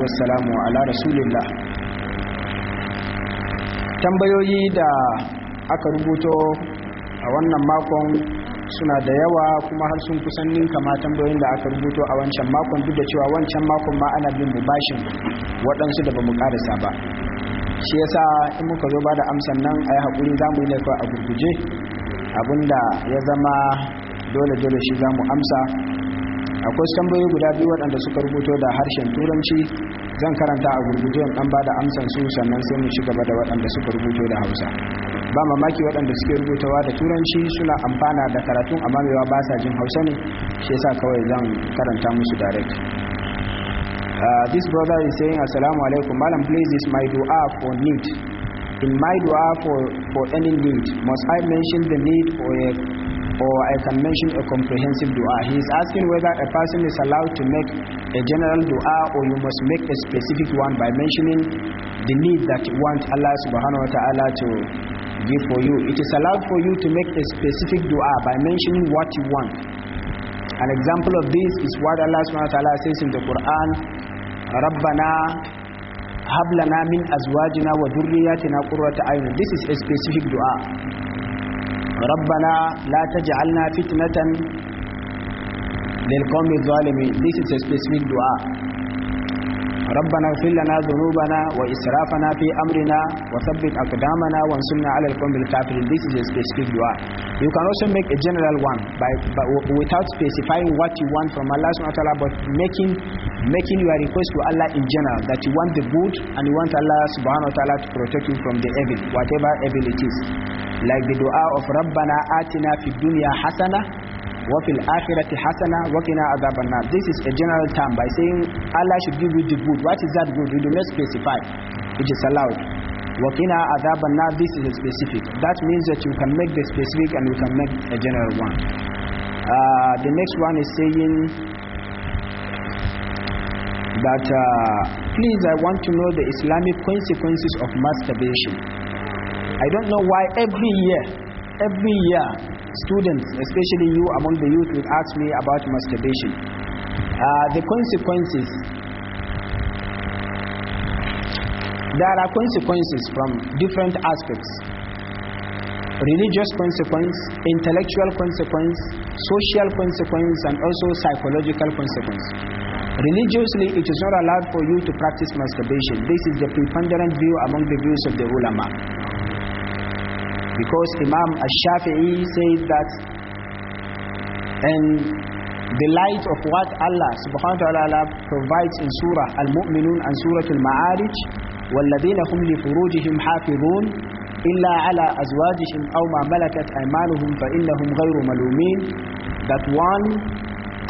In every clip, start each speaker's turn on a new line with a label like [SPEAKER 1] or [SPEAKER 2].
[SPEAKER 1] wassalamu ala rasulillah tambayoyi da aka rubuto a wannan makon suna da yawa kuma har sun kusan ninka ma tambayoyin da aka rubuto a wancan makon duk da cewa wancan makon ma ana bin mu bashin waɗansu da ba mu ƙarasa ba shi yasa in muka zo ba da amsan nan a yi hakuri za mu yi ne a gurguje abinda ya zama dole dole shi za mu amsa akwai tambayoyi guda biyu waɗanda suka rubuto da harshen turanci zan karanta a gurguje in an ba da amsan su sannan sai mu ci gaba da waɗanda suka rubuto da hausa ba mamaki waɗanda suke rubutawa da turanci suna amfana da karatun amma mewa ba sa jin hausa ne shi yasa kawai zan karanta musu direct uh, this brother is saying assalamu alaikum malam please is my dua for need in my dua for for any need must i mention the need for a or I can mention a comprehensive dua. He is asking whether a person is allowed to make a general dua or you must make a specific one by mentioning the need that you want Allah subhanahu wa ta'ala to give for you. It is allowed for you to make a specific dua by mentioning what you want. An example of this is what Allah subhanahu wa ta'ala says in the Quran, "Rabbana هَبْ لَنَا مِنْ wa وَذُرِّيَّاتِنَا قُرَّةَ أَعْيُنٍ This is a specific dua. ربنا لا تجعلنا فتنة للقوم الظالمين This is a specific dua ربنا اغفر لنا ذنوبنا وإسرافنا في أمرنا وثبت أقدامنا وانصرنا على القوم الكافرين This is a specific dua You can also make a general one by, by without specifying what you want from Allah subhanahu but making making your request to Allah in general that you want the good and you want Allah subhanahu wa ta'ala to protect you from the evil whatever evil it is like the dua of Rabbana atina fi dunya hasana wa fil akhirati hasana wa qina adhaban this is a general term by saying Allah should give you the good what is that good we do not specify it is allowed wa qina adhaban this is specific that means that you can make the specific and you can make a general one uh, the next one is saying that uh, please I want to know the Islamic consequences of masturbation I don't know why every year, every year, students, especially you among the youth, will ask me about masturbation. Uh, the consequences. There are consequences from different aspects religious consequence, intellectual consequence, social consequence, and also psychological consequence. Religiously, it is not allowed for you to practice masturbation. This is the preponderant view among the views of the ulama. because Imam Ash-Shafi'i said that in the light of what Allah subhanahu wa ta'ala provides in Surah Al-Mu'minun and Surah Al-Ma'arij وَالَّذِينَ هُمْ لِفُرُوجِهِمْ حَافِظُونَ إِلَّا عَلَى أَزْوَاجِهِمْ أَوْ مَا مَلَكَتْ أَيْمَانُهُمْ فَإِنَّهُمْ غَيْرُ مَلُومِينَ that one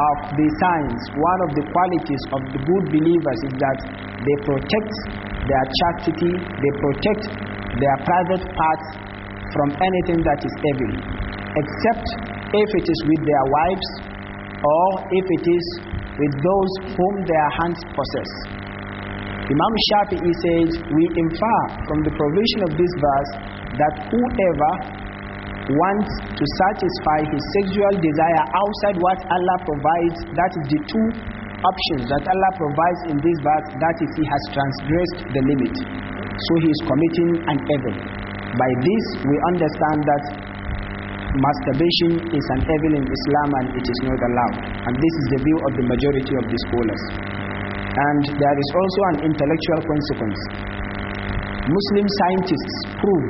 [SPEAKER 1] of the signs, one of the qualities of the good believers is that they protect their chastity, they protect their private parts from anything that is evil, except if it is with their wives or if it is with those whom their hands possess. Imam Shafi'i says, We infer from the provision of this verse that whoever wants to satisfy his sexual desire outside what Allah provides, that is the two options that Allah provides in this verse, that is, he has transgressed the limit. So he is committing an evil. By this, we understand that masturbation is an evil in Islam and it is not allowed. And this is the view of the majority of the scholars. And there is also an intellectual consequence. Muslim scientists prove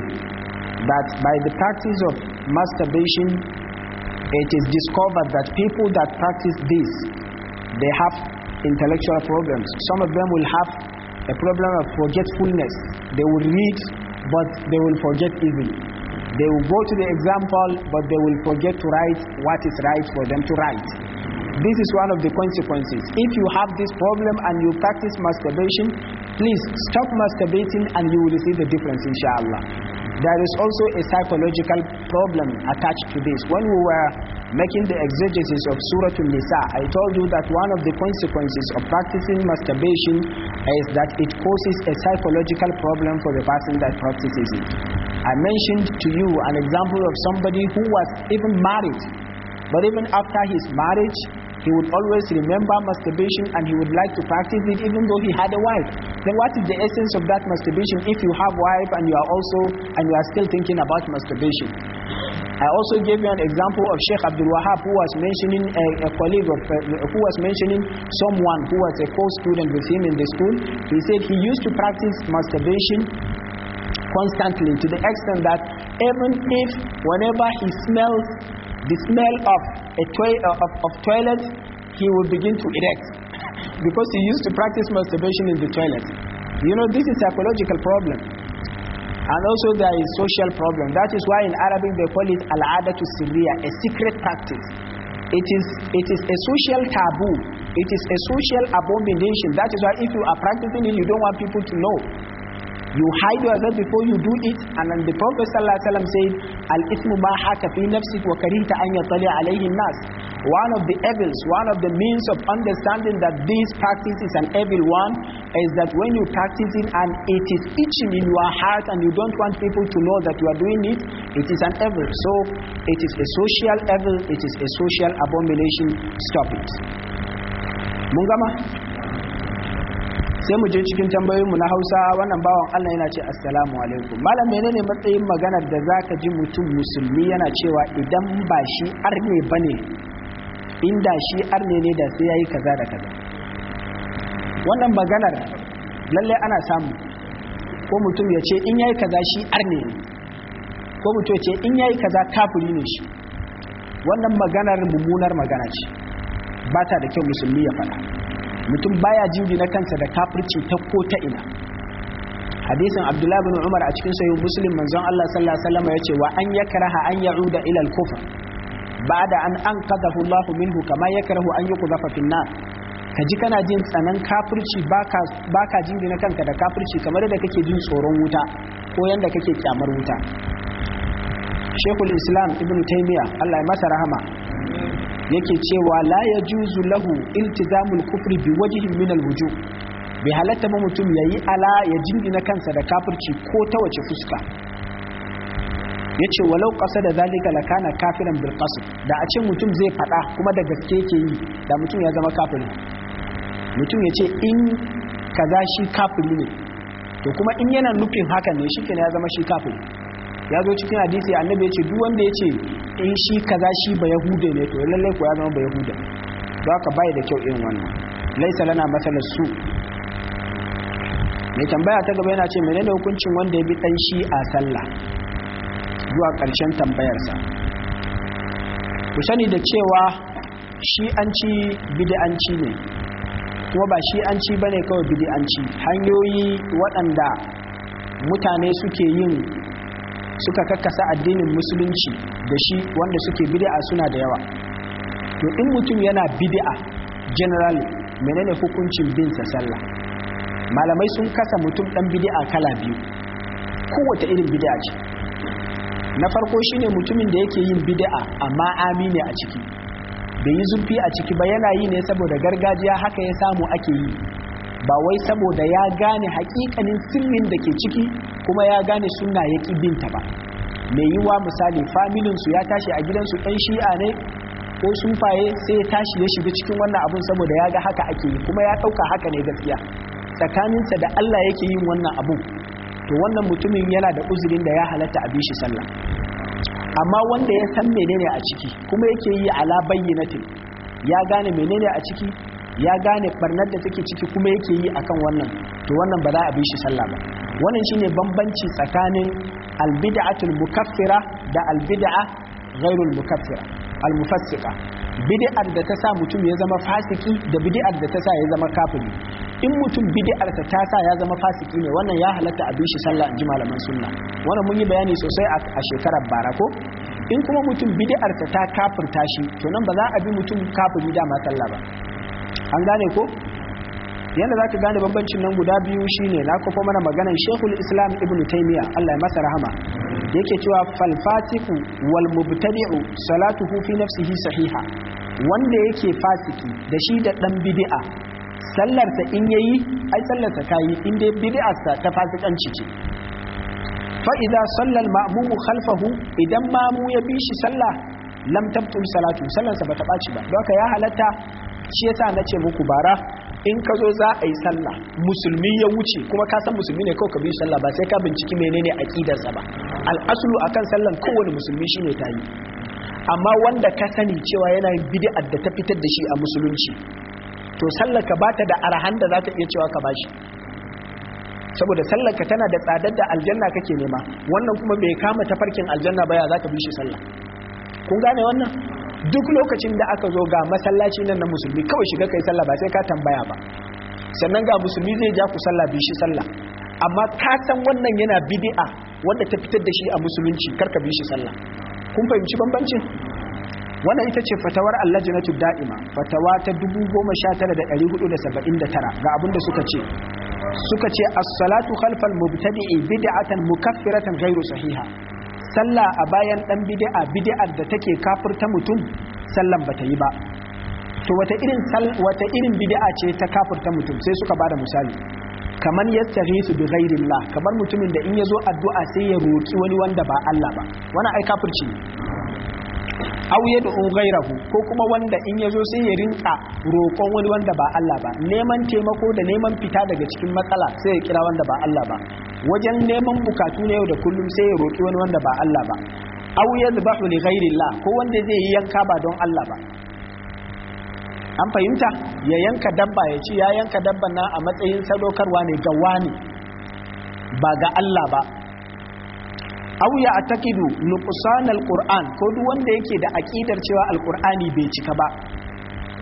[SPEAKER 1] that by the practice of masturbation, it is discovered that people that practice this, they have intellectual problems. Some of them will have a problem of forgetfulness. They will read but they will forget easily. They will go to the example, but they will forget to write what is right for them to write. This is one of the consequences. If you have this problem and you practice masturbation, please stop masturbating and you will see the difference, inshallah. There is also a psychological problem attached to this. When we were making the exegesis of Surah Al-Nisa, I told you that one of the consequences of practicing masturbation is that it causes a psychological problem for the person that practices it. I mentioned to you an example of somebody who was even married, but even after his marriage, he would always remember masturbation and he would like to practice it even though he had a wife. Then what is the essence of that masturbation if you have wife and you are also and you are still thinking about masturbation? I also gave you an example of Sheikh Abdul Wahab who was mentioning a, a colleague of, uh, who was mentioning someone who was a co-student with him in the school. He said he used to practice masturbation constantly to the extent that even if whenever he smells the smell of a uh, of, of toilet, he will begin to erect because he used to practice masturbation in the toilet. You know, this is psychological problem. And also there is social problem. That is why in Arabic they call it al to Syria, a secret practice. It is, it is a social taboo. It is a social abomination. That is why if you are practicing it, you don't want people to know. You hide yourself before you do it. And then the Prophet ﷺ said, Al-ithmu ma fi nafsik wa karihta an yatalia alayhi nas. One of the evils, one of the means of understanding that this practice is an evil one, is that when you practice it and it is itching in your heart and you don't want people to know that you are doing it, it is an evil. So it is a social evil, it is a social abomination. Stop it. Mungama? sai mu je cikin tambayoyinmu na hausa wannan bawan allah yana ce assalamu alaikum malam menene matsayin maganar da zaka ji mutum musulmi yana cewa idan ba shi arne bane inda shi arne ne da sai yayi kaza da kaza wannan maganar lalle ana samu ko mutum ya ce in yayi kaza shi arne ne ko mutum ya ce in yayi kaza kafiri ne shi wannan maganar mummunar magana ce ba ta da kyau musulmi ya faɗa mutum baya jingina kansa da kafirci ta ko ta ina hadisin abdullahi bin umar a cikin sahih muslim manzon Allah sallallahu alaihi wasallam yace wa an yakraha an ya'uda ila al-kufr ba'da an anqadahu Allah minhu kama yakrahu an yuqdafa fi an-nar kaji kana jin tsanan kafirci baka baka jingina kanka da kafirci kamar da kake jin tsoron wuta ko yanda kake kyamar wuta shaykhul Islam Ibn taymiya Allah ya masa rahama yake cewa la ya juzu lahu iltizamul kufri bi wajihin min alwuju bai halatta ba mutum yayi ala ya jingina kansa da kafirci ko ta wace fuska yace walau qasada da zalika lakana kafiran bil qasd da a ce mutum zai fada kuma da gaske yake yi da mutum ya zama kafiri mutum yace in kaza shi kafiri ne to kuma in yana nufin hakan ne shikenan ya zama shi kafiri ya zo cikin hadisi annabi ya ce duk wanda ya ce in eh, shi kaza shi ba yahude ne to lallai ko ya zama ba yahuda za ka bai da kyau irin wannan laisa lana masalar su mai tambaya ta gaba yana ce menene hukuncin wanda ya bi dan shi a sallah zuwa ƙarshen tambayarsa ku sani da cewa shi'anci bid'anci ne kuma ba shi'anci ne kawai bid'anci hanyoyi waɗanda mutane suke yin suka kakkasa addinin musulunci da shi wanda suke bid'a suna da yawa to in mutum yana bidi'a general menene hukuncin bin sa sallah malamai sun kasa mutum dan bidi'a kala biyu kowace irin bid'a ce na farko shine mutumin da yake yin bid'a amma amine a ciki bai yi zurfi a ciki ba yana yi ne saboda gargajiya haka ya samu ake yi ba wai saboda ya gane hakikanin sirrin da ke ciki kuma ya gane suna ya ƙi binta ba mai yiwa misali familinsu ya tashi a gidansu ɗan shi'a ne ko faye sai ya tashi ya shiga cikin wannan abun saboda ya ga haka ake yi kuma ya ɗauka haka ne gaskiya tsakaninsa da Allah yake yin wannan abun to wannan mutumin yana da uzurin da ya halatta a bishi sallah amma wanda ya san menene a ciki kuma yake yi ala bayyinatin ya gane menene a ciki ya gane barnar da take ciki kuma yake yi akan wannan to wannan ba za a bi shi sallah ba wannan shine bambanci tsakanin albid'atul mukaffira da albid'a ghairul mukaffira almufassiqa bid'ar da ta sa mutum ya zama fasiki da bid'ar da ta sa ya zama kafiri in mutum bid'ar ta ta sa ya zama fasiki ne wannan ya halatta a shi sallah in ji malaman sunna wannan mun yi bayani sosai a shekarar bara ko in kuma mutum bid'ar ta ta kafirta shi to nan ba za a bi mutum kafiri dama sallah ba an gane ko yadda za ka gane bambancin nan guda biyu shine na kofa mana maganan shekul islam ibn taimiyya allah ya masa rahama yake cewa falfasiku wal mubtadi'u salatuhu fi nafsihi sahiha wanda yake fasiki da shi da dan bid'a sallarsa in yayi ai sallarsa tayi in dai bid'arsa ta fasikanci ce fa idza salla al ma'mumu khalfahu idan mamu ya bi shi sallah lam tabtul salatu sallarsa bata ɓaci ba don haka ya halatta shi yasa na ce muku bara in ka zo za a yi sallah musulmi ya wuce kuma ka san musulmi ne kawai ka bi sallah ba sai ka binciki menene aqidarsa ba al'asulu akan sallan kowane musulmi shi ne tayi. amma wanda ka sani cewa yana yin bid'ar da ta fitar da shi a musulunci to sallar ka bata da arhan da zaka iya cewa ka bashi saboda sallar ka tana da tsadar da aljanna kake nema wannan kuma bai kama tafarkin aljanna ba ya zaka bi shi sallah kun gane wannan duk lokacin da aka zo ga masallaci nan na musulmi kawai shiga kai sallah ba sai ka tambaya ba sannan ga musulmi zai ja ku sallah bi shi sallah amma ka san wannan yana bid'a wanda ta fitar da shi a musulunci karka bi shi sallah kun fahimci bambanci? wannan ita ce fatawar allajinatu da'ima fatawa ta 19479 ga abinda suka ce suka ce as-salatu khalfal mubtadi'i bid'atan mukaffiratan ghairu sahiha sallah a bayan dan bid'a bid'ar da take kafirta mutum sallan bata yi ba to wata irin wata irin bid'a ce ta kafirta mutum sai suka bada misali kamar yastaghisu bi ghairillah kamar mutumin da in yazo addu'a sai ya roki wani wanda ba Allah ba wannan ai kafirci ne aw yad'u ghairahu ko kuma wanda in yazo sai ya rinka roƙon wani wanda ba Allah ba neman taimako da neman fita daga cikin matsala sai ya kira wanda ba Allah ba wajen neman bukatu na yau da kullum sai ya roƙi wani wanda ba Allah ba aw yadhbahu li ghairillah ko wanda zai yi yanka ba don Allah ba an fahimta ya yanka dabba ya ci ya yanka dabba na a matsayin sadaukarwa ne ga wani ba ga Allah ba au ya atakidu nuqsan alquran ko duk wanda yake da aqidar cewa alqurani bai cika ba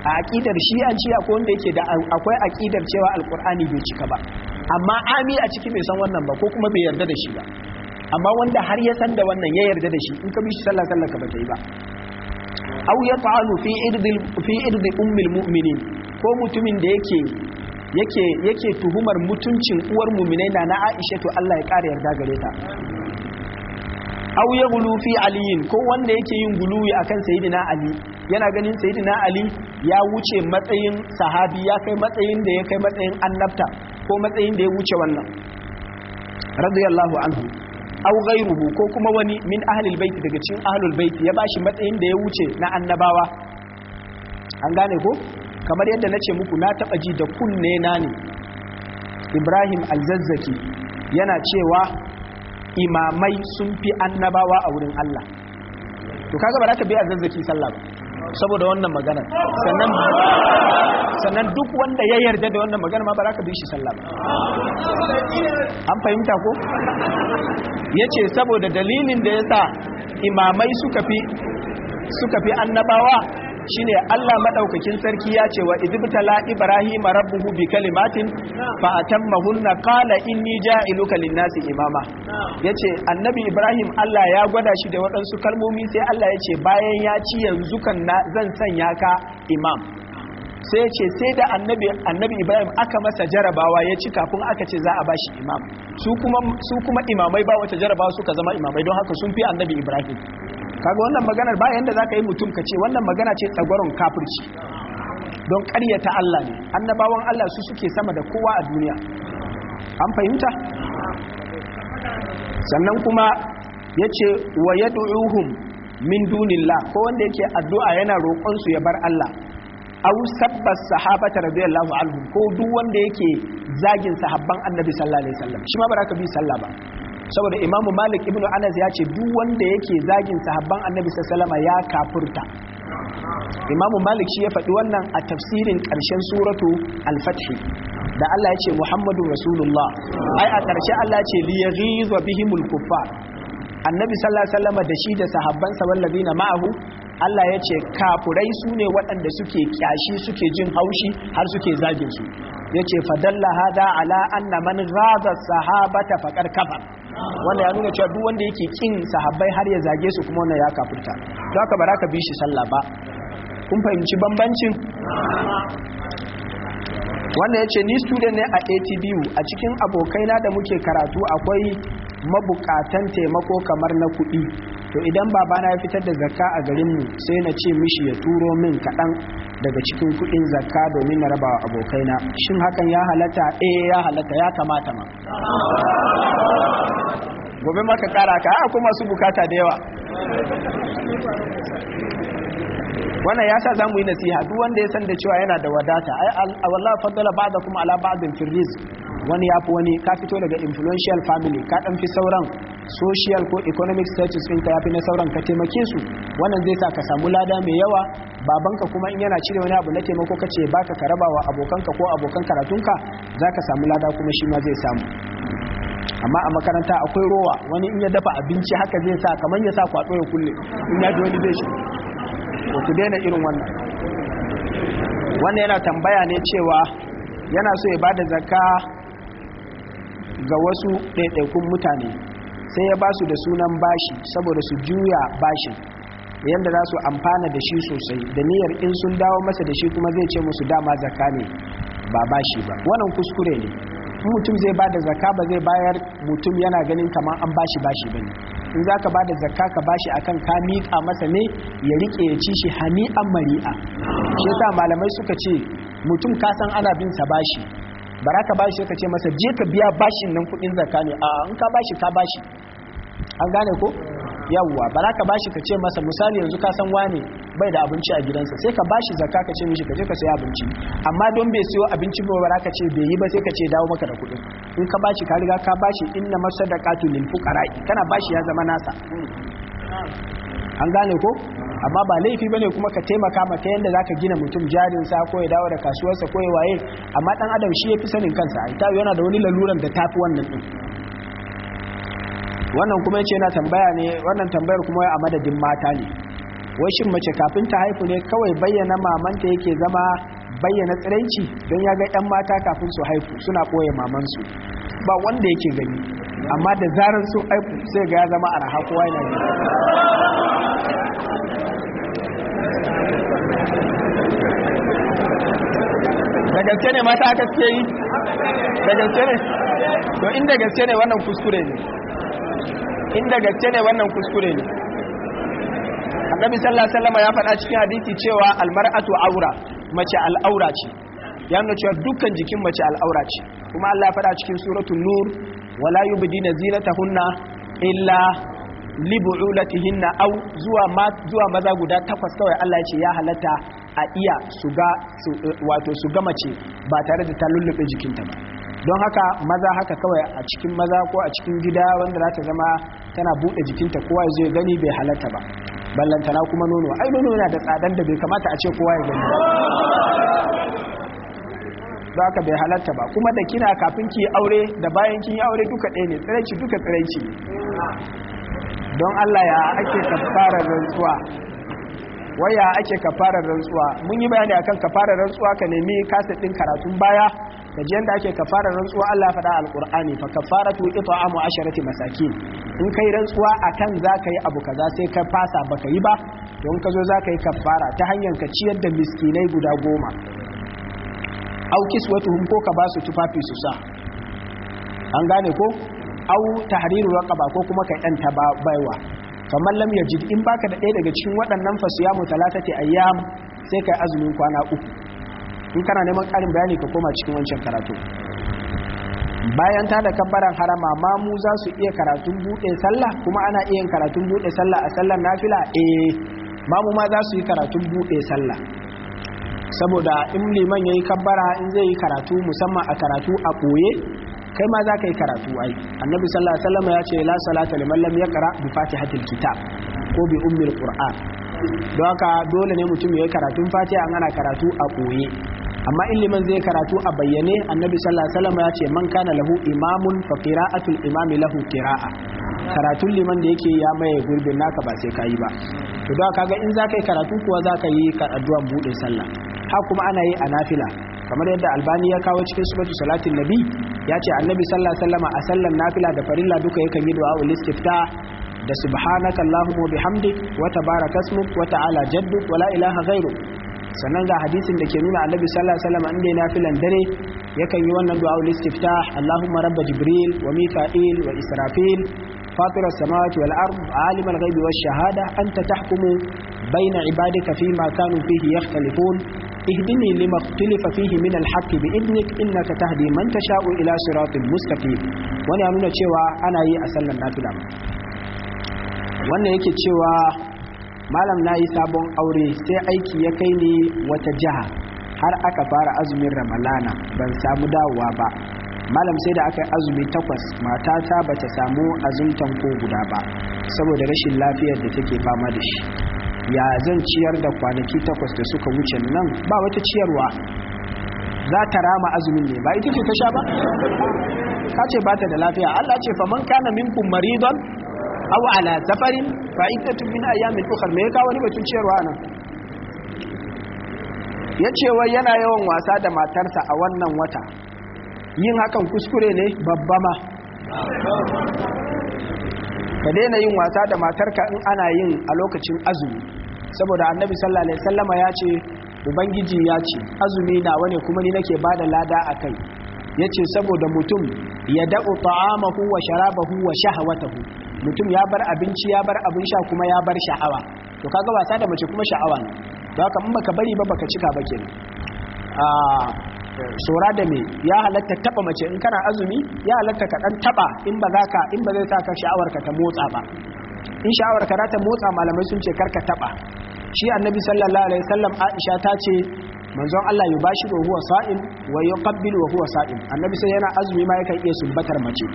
[SPEAKER 1] a aqidar shi an ci akwai wanda yake da akwai aqidar cewa alqurani bai cika ba amma ami a ciki bai san wannan ba ko kuma bai yarda da shi ba amma wanda har ya san da wannan ya yarda da shi in ka bi shi sallah sallah ka ba ta yi ba aw fa'alu fi irdi fi ummil mu'minin ko mutumin da yake yake yake tuhumar mutuncin uwar mu'minai na na Aisha to Allah ya kare yarda gare ta aw gulu fi aliyin ko wanda yake yin guluwi akan sayyidina ali yana ganin sayyidina ali ya wuce matsayin sahabi ya kai matsayin da ya kai matsayin annabta ko matsayin da ya wuce wannan radiyallahu anhu aw ghayruhu ko kuma wani min ahlil bait daga cikin ahlul bait ya bashi matsayin da ya wuce na annabawa an gane ko kamar yadda nace muku na taba ji da kunne na ne Ibrahim al-Zazzaki yana cewa imamai sun fi annabawa a wurin Allah to kaga ba za ka bi al-Zazzaki sallah saboda wannan magana sannan duk wanda ya yarda da wannan magana ma ba za ka bi shi sallah an fahimta ko yace saboda dalilin da ya sa imamai suka suka fi annabawa shine Allah madaukakin sarki ya ce wa idibtala ibrahim rabbuhu bi kalimatin fa atammahunna qala inni ja'iluka lin-nasi imama yace annabi ibrahim Allah ya gwada shi da waɗansu kalmomi sai Allah ya ce bayan ya ci yanzu kan zan sanya ka imam sai ce sai da annabi annabi Ibrahim aka masa jarabawa ya ci kafin aka ce za a bashi imam su kuma su kuma imamai ba wata jarabawa suka zama imamai don haka sun fi annabi Ibrahim kaga wannan maganar ba yanda ka yi mutum ka ce wannan magana ce tsagwaron kafirci don ƙaryata Allah ne annabawan Allah su suke sama da kowa a duniya an fahimta sannan kuma ya ce wa yad'uhum min dunillah ko wanda yake addu'a yana roƙonsu su ya bar Allah aw sabbas sahabata radiyallahu anhum ko duk wanda yake zagin sahabban annabi sallallahu alaihi wasallam shi ma baraka bi sallah ba saboda imamu malik ibn anas ya ce duk wanda yake zagin sahabban annabi sallama ya kafurta imamu malik shi ya faɗi wannan a tafsirin ƙarshen suratu al-fathi da Allah ya ce muhammadu rasulullah ai a ƙarshe Allah ce li yaghiz bihimul kuffar annabi sallallahu alaihi wasallam da shi da sahabban sa wallazina ma'ahu Allah ya ce kafurai su ne waɗanda suke kyashi suke jin haushi har suke zagin su ya ce fadalla hada ala anna man raza sahabata faƙar kafa. wanda ya nuna cewa duk wanda yake kin sahabbai har ya zage su kuma wannan ya kafurta don haka ba ka bi shi sallah ba kun fahimci bambancin wannan ya ce ni student ne a atbu a cikin abokaina da muke karatu akwai mabukatan taimako kamar na kuɗi to idan babana ya fitar da zakka a garinmu sai na ce mishi ya turo min kaɗan daga cikin kuɗin zakka domin na rabawa abokaina shin hakan ya halatta eh ya halatta ya kamata ma gobe maka kara ka akwai masu bukata da yawa wannan ya sa zamu yi nasiha duk wanda ya san da cewa yana da wadata ai wallahi faddala kuma ala ba'din fi wani ya fi wani ka fito daga influential family ka dan fi sauran social ko economic status din ka fi na sauran ka taimake su wannan zai sa ka samu lada mai yawa babanka kuma in yana cire wani abu na taimako ka ce baka ka raba wa abokanka ko abokan karatun karatunka zaka samu lada kuma shi ma zai samu amma a makaranta akwai rowa wani in ya dafa abinci haka zai sa kamar ya sa kwado ya kulle in ya ji wani zai shi to ku daina irin wannan wannan yana tambaya ne cewa yana so ya ba da zakka ga wasu ɗaiɗaikun mutane sai ya ba su da sunan bashi saboda su juya bashin yadda za su amfana da shi sosai da niyyar in sun dawo masa da shi kuma zai ce musu dama zakka ne ba bashi ba wannan kuskure ne mutum zai ba da zakka ba zai bayar mutum yana ganin kamar an bashi bashi ba ne. in za ka ba da zakka ka bashi akan ka miƙa masa ne ya rike ya ci shi an mari'a shi yasa malamai suka ce mutum ka san ana bin sa bashi bara ka bashi ka ce masa je ka biya bashin nan kuɗin zakka ne a in ka bashi ka bashi an gane ko yawwa ba za ka bashi ka ce masa misali yanzu ka san wane bai da abinci a gidansa sai ka bashi zakka ka ce mishi ka je ka sayi abinci amma don bai siyo abinci ba ba ka ce bai yi ba sai ka ce dawo maka da kuɗin in ka bashi ka riga ka bashi inna masadaqatu lil fuqara kana bashi ya zama nasa an gane ko amma ba laifi bane kuma ka taimaka ma mata yanda zaka gina mutum jarin sa ko ya dawo da kasuwarsa ko ya waye amma dan adam shi yafi sanin kansa ai ta yana da wani laluran da tafi wannan din wannan kuma yace yana tambaya ne wannan tambayar kuma a madadin mata ne wai shin mace kafin ta haifu ne kawai bayyana mamanta yake zama bayyana tsiraici don ya ga yan mata kafin su haifu suna koya mamansu ba wanda yake gani amma da zarar sun haifu sai ga ya zama araha kowa yana gani da gaske ne mata aka ce yi da gaske ne to inda gaske ne wannan kuskure ne inda gaske ne wannan kuskure ne annabi sallallahu alaihi wasallam ya faɗa cikin hadisi cewa almar'atu aura mace al'aura ce ya nuna cewa dukkan jikin mace al'aura ce kuma Allah ya faɗa cikin suratul nur wala yubdina zinatahunna illa libu'ulatihinna aw zuwa ma zuwa maza guda takwas kawai Allah ya ce ya halatta a iya su ga wato su ga mace ba tare da ta lullube jikinta ba don haka maza haka kawai a cikin maza ko a cikin gida wanda za ta zama tana buɗe jikinta kowa ya zai gani bai halatta ba ballantana kuma nono ai nono yana da tsadan da bai kamata a ce kowa ya gani ba haka bai halatta ba kuma da kina kafin ki aure da bayan kin aure duka ɗaya ne tsiraici duka tsiraici don Allah ya ake kafarar rantsuwa waya ake kafarar rantsuwa mun yi bayani akan kafarar rantsuwa ka nemi kasa din karatun baya ka ji yanda ake kafarar rantsuwa Allah faɗa alqur'ani fa kafaratu it'amu asharati masakin in kai rantsuwa akan zaka yi abu kaza sai ka fasa baka yi ba don ka zo zaka yi kafara ta hanyar ka ciyar da miskinai guda goma au kiswatuhum ko ka ba su tufafi su sa an gane ko au tahriru raqaba ko kuma ka yanta baiwa kamar lam jid in baka da ɗaya daga cikin waɗannan fa siyamu talatati ayyam sai kai azumin kwana uku in kana neman ƙarin bayani ka koma cikin wancan karatu bayan ta da kabbaran harama ma mu za su iya karatun buɗe sallah kuma ana iya karatun buɗe sallah a sallar nafila eh mu ma za su yi karatun buɗe sallah saboda in liman ya yi kabbara in zai yi karatu musamman a karatu a koye. kai ma za ka yi karatu ai annabi sallallahu alaihi wasallam ya ce la salata liman lam yaqra bi fatihatil kitab ko bi ummil qur'an don haka dole ne mutum ya yi karatun fatiha an ana karatu a koye amma in liman zai karatu a bayyane annabi sallallahu alaihi wasallam ya ce man kana lahu imamun fa qira'atul imami lahu qira'a karatun liman da yake ya maye gurbin naka ba sai kayi ba to don kaga in za ka yi karatu kuwa za ka yi addu'an buɗe sallah ha kuma ana yi a nafila kamar yadda albani ya kawo cikin sifatu salatin nabi ya ce annabi sallallahu alaihi wasallam a sallan nafila da farilla duka yakan yi du'a ul istifta da subhanaka allahumma bihamdik wa tabaraka ismuk wa ta'ala jadduk wa la ilaha ghayruk sannan ga hadisin da ke nuna annabi sallallahu alaihi wasallam inda yana dare yakan yi wannan du'a ul istiftah allahumma rabb jibril wa mika'il wa israfil فاطر السماوات والأرض عالم الغيب والشهادة أنت تحكم بين عبادك فيما كانوا فيه يختلفون اهدني لما اختلف فيه من الحق بإذنك إنك تهدي من تشاء إلى صراط مستقيم wani ya nuna cewa ana yi a sallar nafila wannan yake cewa malam na yi sabon aure sai aiki ya kai ni wata jiha har aka fara azumin ramalana ban samu dawowa ba malam sai da aka yi azumi takwas matata ba ta samu azumtan ko guda ba saboda rashin lafiyar da take fama da shi ya zan ciyar da kwanaki takwas da suka wuce nan ba wata ciyarwa za ta rama azumin ne ba ita ce ta sha ba ka ce ba ta da lafiya Allah ce fa man kana don maridon aw ala safarin fa tun min mai ukhra me kawo wani batun ciyarwa nan ce wai yana yawan wasa da matarsa a wannan wata yin hakan kuskure ne babba ma ka daina yin wasa da matarka in ana yin a lokacin azumi saboda annabi sallallahu alaihi wasallama ya ce ubangiji ya ce azumi na wane kuma ni nake bada lada akai yace saboda mutum ya da'u ta'amahu wa sharabahu wa shahawatahu mutum ya bar abinci ya bar abin sha kuma ya bar sha'awa to kaga wasa da mace kuma sha'awa ne don haka in baka bari ba baka cika ba kenan a sora da me ya halatta taba mace in kana azumi ya halatta ka dan taba in ba za ka in ba zai sa ka sha'awar ka ta motsa ba in sha'awar ka ta motsa malamai sun ce karka taba shi annabi sallallahu alaihi wasallam Aisha ta ce manzon Allah ya bashi da huwa Sa'in, wa yuqabbil wa huwa Sa'in, annabi sai yana azumi ma yakan iya sumbatar mace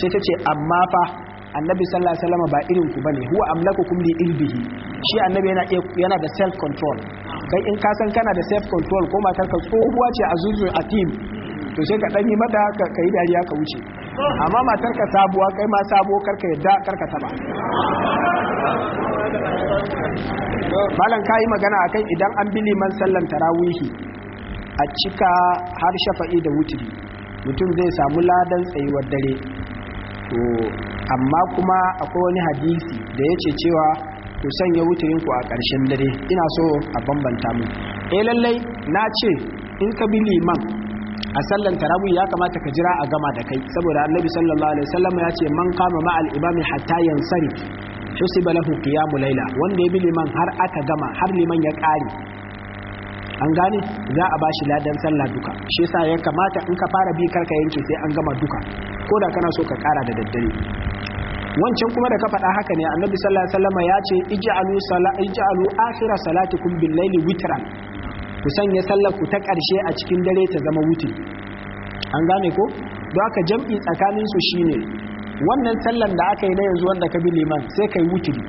[SPEAKER 1] sai ta ce amma fa annabi sallallahu alaihi wasallam ba irin ku bane huwa amlakukum li ilbihi shi annabi yana yana da self control kai in ka san kana da self control ko matar ka tsohuwa ce a zuzu a team to sai ka dani mata ka yi dariya ka wuce amma ka sabuwa kai ma sabo karka yadda karka taba malam kayi magana akan idan an bi liman sallan tarawihi a cika har shafa'i da wutiri mutum zai samu ladan tsayuwar dare to amma kuma akwai wani hadisi da ya ce cewa ku sanya wutirin ku a ƙarshen dare ina so a bambanta mu eh lallai na ce in ka bi liman a sallan tarawih ya kamata ka jira a gama da kai saboda annabi sallallahu alaihi wasallam ya ce man kama ma al imami hatta yansari husiba lahu qiyamu laila wanda ya bi liman har aka gama har liman ya kare an gane za a bashi ladan sallah duka shi yasa ya kamata in ka fara bi karka yanke sai an gama duka ko da kana so ka kara da daddare wancan kuma da ka faɗa haka ne annabi sallallahu alaihi wasallam ya ce ij'alu sala ij'alu akhira salatikum bil-laili witran ku sanya sallar ku ta ƙarshe a cikin dare ta zama wuti an gane ko don aka jam'i tsakanin su shine wannan sallar da aka yi na yanzu wanda ka bi liman sai kai wutiri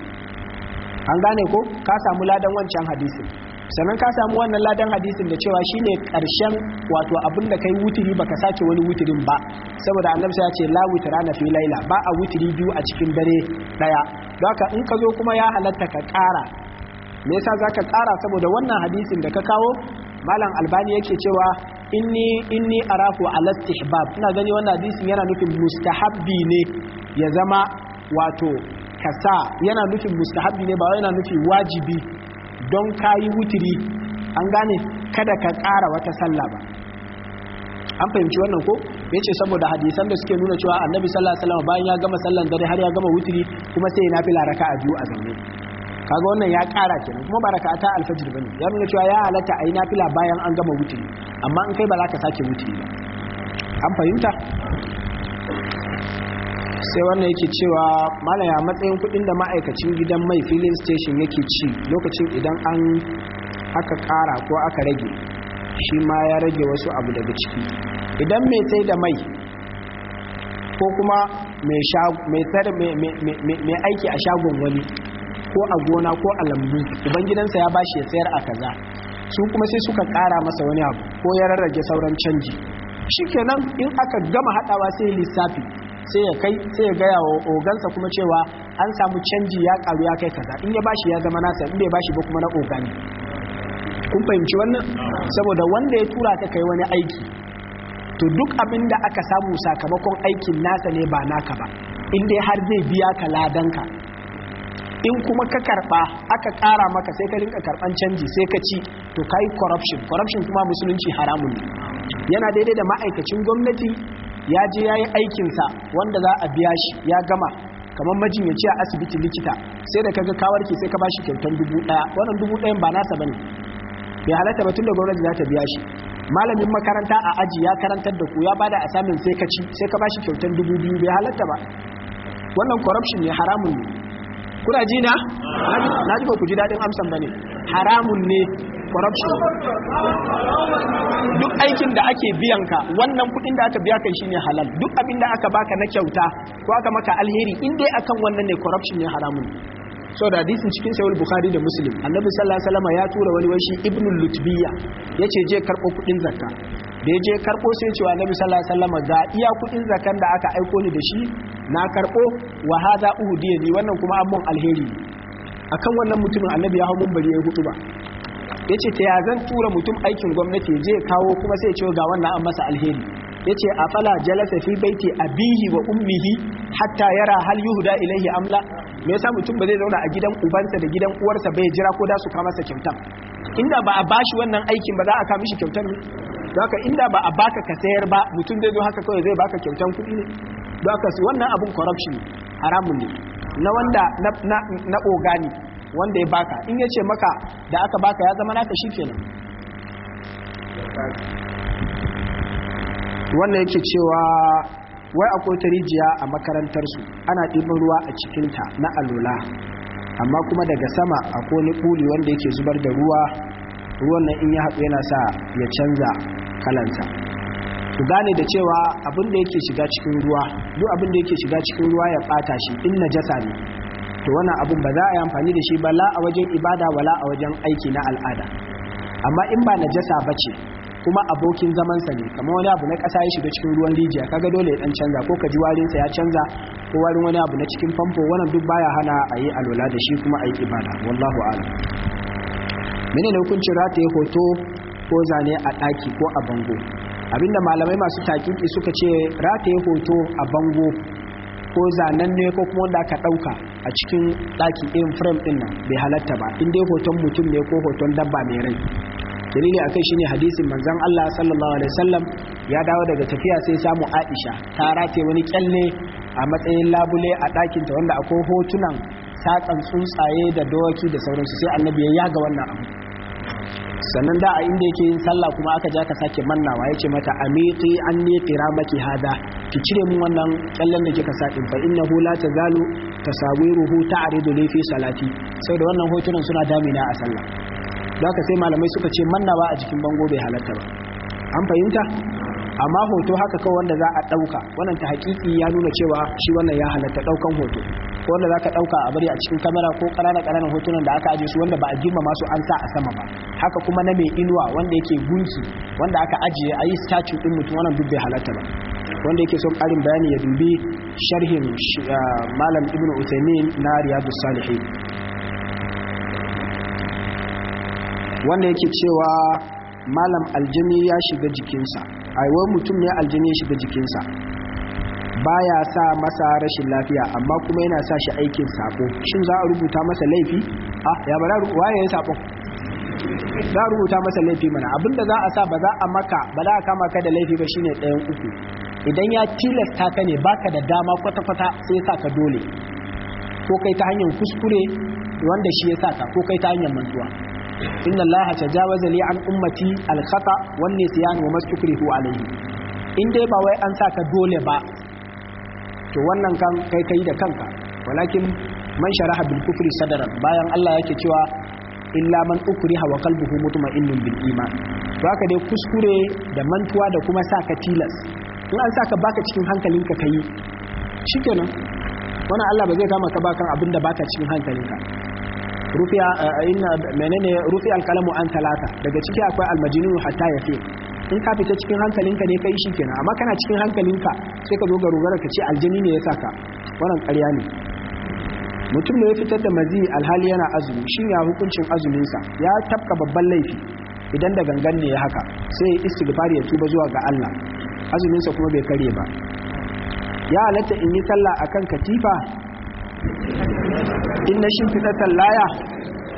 [SPEAKER 1] an gane ko ka samu ladan wancan hadisin sannan ka samu wannan ladan hadisin da cewa shine ƙarshen wato abin da kai wutiri baka sake wani wutirin ba saboda annabi ya ce la witra na fi laila ba a wutiri biyu a cikin dare daya don haka in ka zo kuma ya halatta ka ƙara me yasa zaka tsara saboda wannan hadisin da ka kawo malam albani yake cewa inni inni arafu ala istihbab ina gani wannan hadisin yana nufin mustahabbi ne ya zama wato kasa yana nufin mustahabbi ne ba yana nufin wajibi don kayi wutiri an gane kada ka tsara wata sallah ba an fahimci wannan ko yace saboda hadisan da suke nuna cewa annabi sallallahu alaihi wasallam bayan ya gama sallan dare har ya gama wutiri kuma sai ya nafila raka'a biyu a zaune kaga wannan ya kara kenan kuma baraka ta alfajir bane ya nuna cewa ya halatta ayi nafila bayan an gama wuturi amma in kai ba za ka sake wuturi ba an fahimta sai wannan yake cewa malaya matsayin kudin da ma'aikacin gidan mai filin station yake ci lokacin idan an aka kara ko aka rage shi ma ya rage wasu abu daga ciki idan mai tsaye da mai ko kuma mai aiki a shagon wani ko a gona ko a lambu ubangidansa ya bashi ya sayar a kaza su kuma sai suka kara masa wani abu ko ya rarrage sauran canji shikenan in aka gama haɗawa sai lissafi sai ya kai sai ya gaya wa ogansa kuma cewa an samu canji ya karu ya kai kaza in ya bashi ya zama nasa in bai bashi ba kuma na ogani kun fahimci wannan saboda wanda ya tura ka kai wani aiki to duk abin da aka samu sakamakon aikin nasa ne ba naka ba in dai har zai biya ka ladanka in kuma ka karba aka kara maka sai ka rinka karban canji sai ka ci to kai corruption corruption kuma musulunci haramun ne yana daidai da ma'aikacin gwamnati ya je yayi aikinsa wanda za a biya shi ya gama kamar majinyaci a asibiti likita sai da kaga kawarki sai ka bashi kyautan dubu daya wannan dubu dayan ba nasa bane bai halatta ba da gwamnati za ta biya shi malamin makaranta a aji ya karantar da ku ya bada asamin sai ka ci sai ka bashi kyautan dubu biyu bai halatta ba wannan corruption ne haramun ne kuna ji na na ji ku ji dadin amsan bane haramun ne corruption duk aikin da ake biyan ka wannan kudin da aka biya kan shine halal duk abin da aka baka na kyauta ko aka maka alheri in dai akan wannan ne corruption ne haramun so da hadisin cikin sahih bukhari da muslim annabi sallallahu alaihi wasallam ya tura wani washi ibnu lutbiya yace je karbo kudin zakka da ya je karɓo sai cewa nabi sallallahu alaihi wasallam da iya kuɗin zakan da aka aiko ni da shi na karɓo wa hada uhudiyya ni wannan kuma abun alheri akan wannan mutumin annabi ya hau bari ya hutu ba ya ce ta ya zan tura mutum aikin gwamnati je kawo kuma sai ce ga wannan an masa alheri ya ce a fala jalasa fi baiti abihi wa ummihi hatta yara hal yuhda ilaihi amla me yasa mutum ba zai zauna a gidan ubansa da gidan uwarsa bai jira ko da su kama sa kyautar inda ba a bashi wannan aikin ba za a kama shi kyautar ne haka inda ba a baka ka sayar ba mutum zai zo haka kawai zai baka kyautan kuɗi ne don haka su wannan abun corruption haramun ne na wanda na ogani wanda ya baka in ya ce maka da aka baka ya zama naka shi shikenan wannan yake cewa wai akwai ta rijiya a su ana ɗiban ruwa a cikinta na alola amma kuma daga sama akwai wani ɓuli wanda yake zubar da ruwa ruwan nan in ya haɗu yana sa ya canza kalansa ku gane da cewa abin da yake shiga cikin ruwa duk abin da yake shiga cikin ruwa ya ɓata shi in najasa ne to wannan abin ba za a yi amfani da shi ba la a wajen ibada wala a wajen aiki na al'ada amma in ba najasa ba ce kuma abokin zamansa ne kamar wani abu na ƙasa ya shiga cikin ruwan rijiya kaga dole ya dan canza ko ka ji warinsa ya canza ko warin wani abu na cikin famfo wannan duk baya hana a yi alola da shi kuma a yi ibada wallahu a'lam mene ne hukuncin rataye hoto ko zane a ɗaki ko a bango abinda malamai masu takiki suka ce rataye hoto a bango ko zanen ne ko kuma wanda aka ɗauka a cikin ɗaki irin frame ɗin nan bai halatta ba in dai hoton mutum ne ko hoton dabba mai rai dalili a kai shine hadisin manzon Allah sallallahu alaihi wasallam ya dawo daga tafiya sai samu Aisha ta rataye wani kyalle a matsayin labule a ɗakin wanda akwai hotunan satsan tsuntsaye da dawaki da sauransu sai annabi ya ga wannan abu sannan da a inda yake yin sallah kuma aka ja ka sake mannawa ce mata amiti kira maki hada ki cire mun wannan kyallen da kika saki fa innahu la tazalu tasawiruhu ta'ridu li fi salati sai da wannan hotunan suna damina a sallah haka sai malamai suka ce manna mannawa a jikin bango bai halarta ba an fahimta amma hoto haka kawai wanda za a ɗauka wannan ta hakiki ya nuna cewa shi wannan ya halatta ɗaukan hoto wanda za ka ɗauka a bari a cikin kamera ko ƙananan ƙananan hotunan da aka aje su wanda ba a girmama su an sa a sama ba haka kuma na mai inuwa wanda yake gunki wanda aka ajiye a yi statue ɗin mutum wannan duk bai halatta ba wanda yake son ƙarin bayani ya dubi sharhin ah, malam ibn utaimin na riyadu salihi wanda yake cewa malam aljini ya shiga jikinsa wani mutum ne aljini ya shiga jikinsa baya sa masa rashin lafiya amma kuma yana sa shi aikin sako shin za a rubuta masa laifi ah ya bara waye ya sako za a rubuta masa laifi mana abinda za a sa ba za a maka ba za a kama ka da laifi ba shine ɗayan uku idan ya tilasta ka ne baka da dama kwata-kwata sai ya sa ka dole ko kai ta hanyar kuskure wanda shi ya sa ka ko kai ta hanyar mantuwa inna allaha tajawaza li an ummati al-khata wa nisyan wa mastukrihu alayhi in dai ba wai an sa ka dole ba to wannan kan kai kai da kanka walakin man sharaha bil kufri sadara bayan Allah yake cewa illa man ukriha wa qalbuhu mutma'innun bil iman to haka dai kuskure da mantuwa da kuma saka tilas in an saka baka cikin hankalinka kai shikenan wannan Allah ba zai kama ka bakan abinda baka cikin hankalinka rufiya eh, inna menene rufiya qalamu an talata daga ciki akwai almajnun hatta yafi in ka fita cikin hankalinka ne kai shi kenan amma kana cikin hankalinka sai ka zo ga rogara ka ce aljini ne ya saka wannan ƙarya ne mutum ne ya fitar da mazi alhali yana azumi shi ya hukuncin azumin sa ya tabka babban laifi idan da gangan ne ya haka sai ya istighfar ya tuba zuwa ga Allah azuminsa kuma bai kare ba ya halatta in yi sallah akan katifa in na fitar sallaya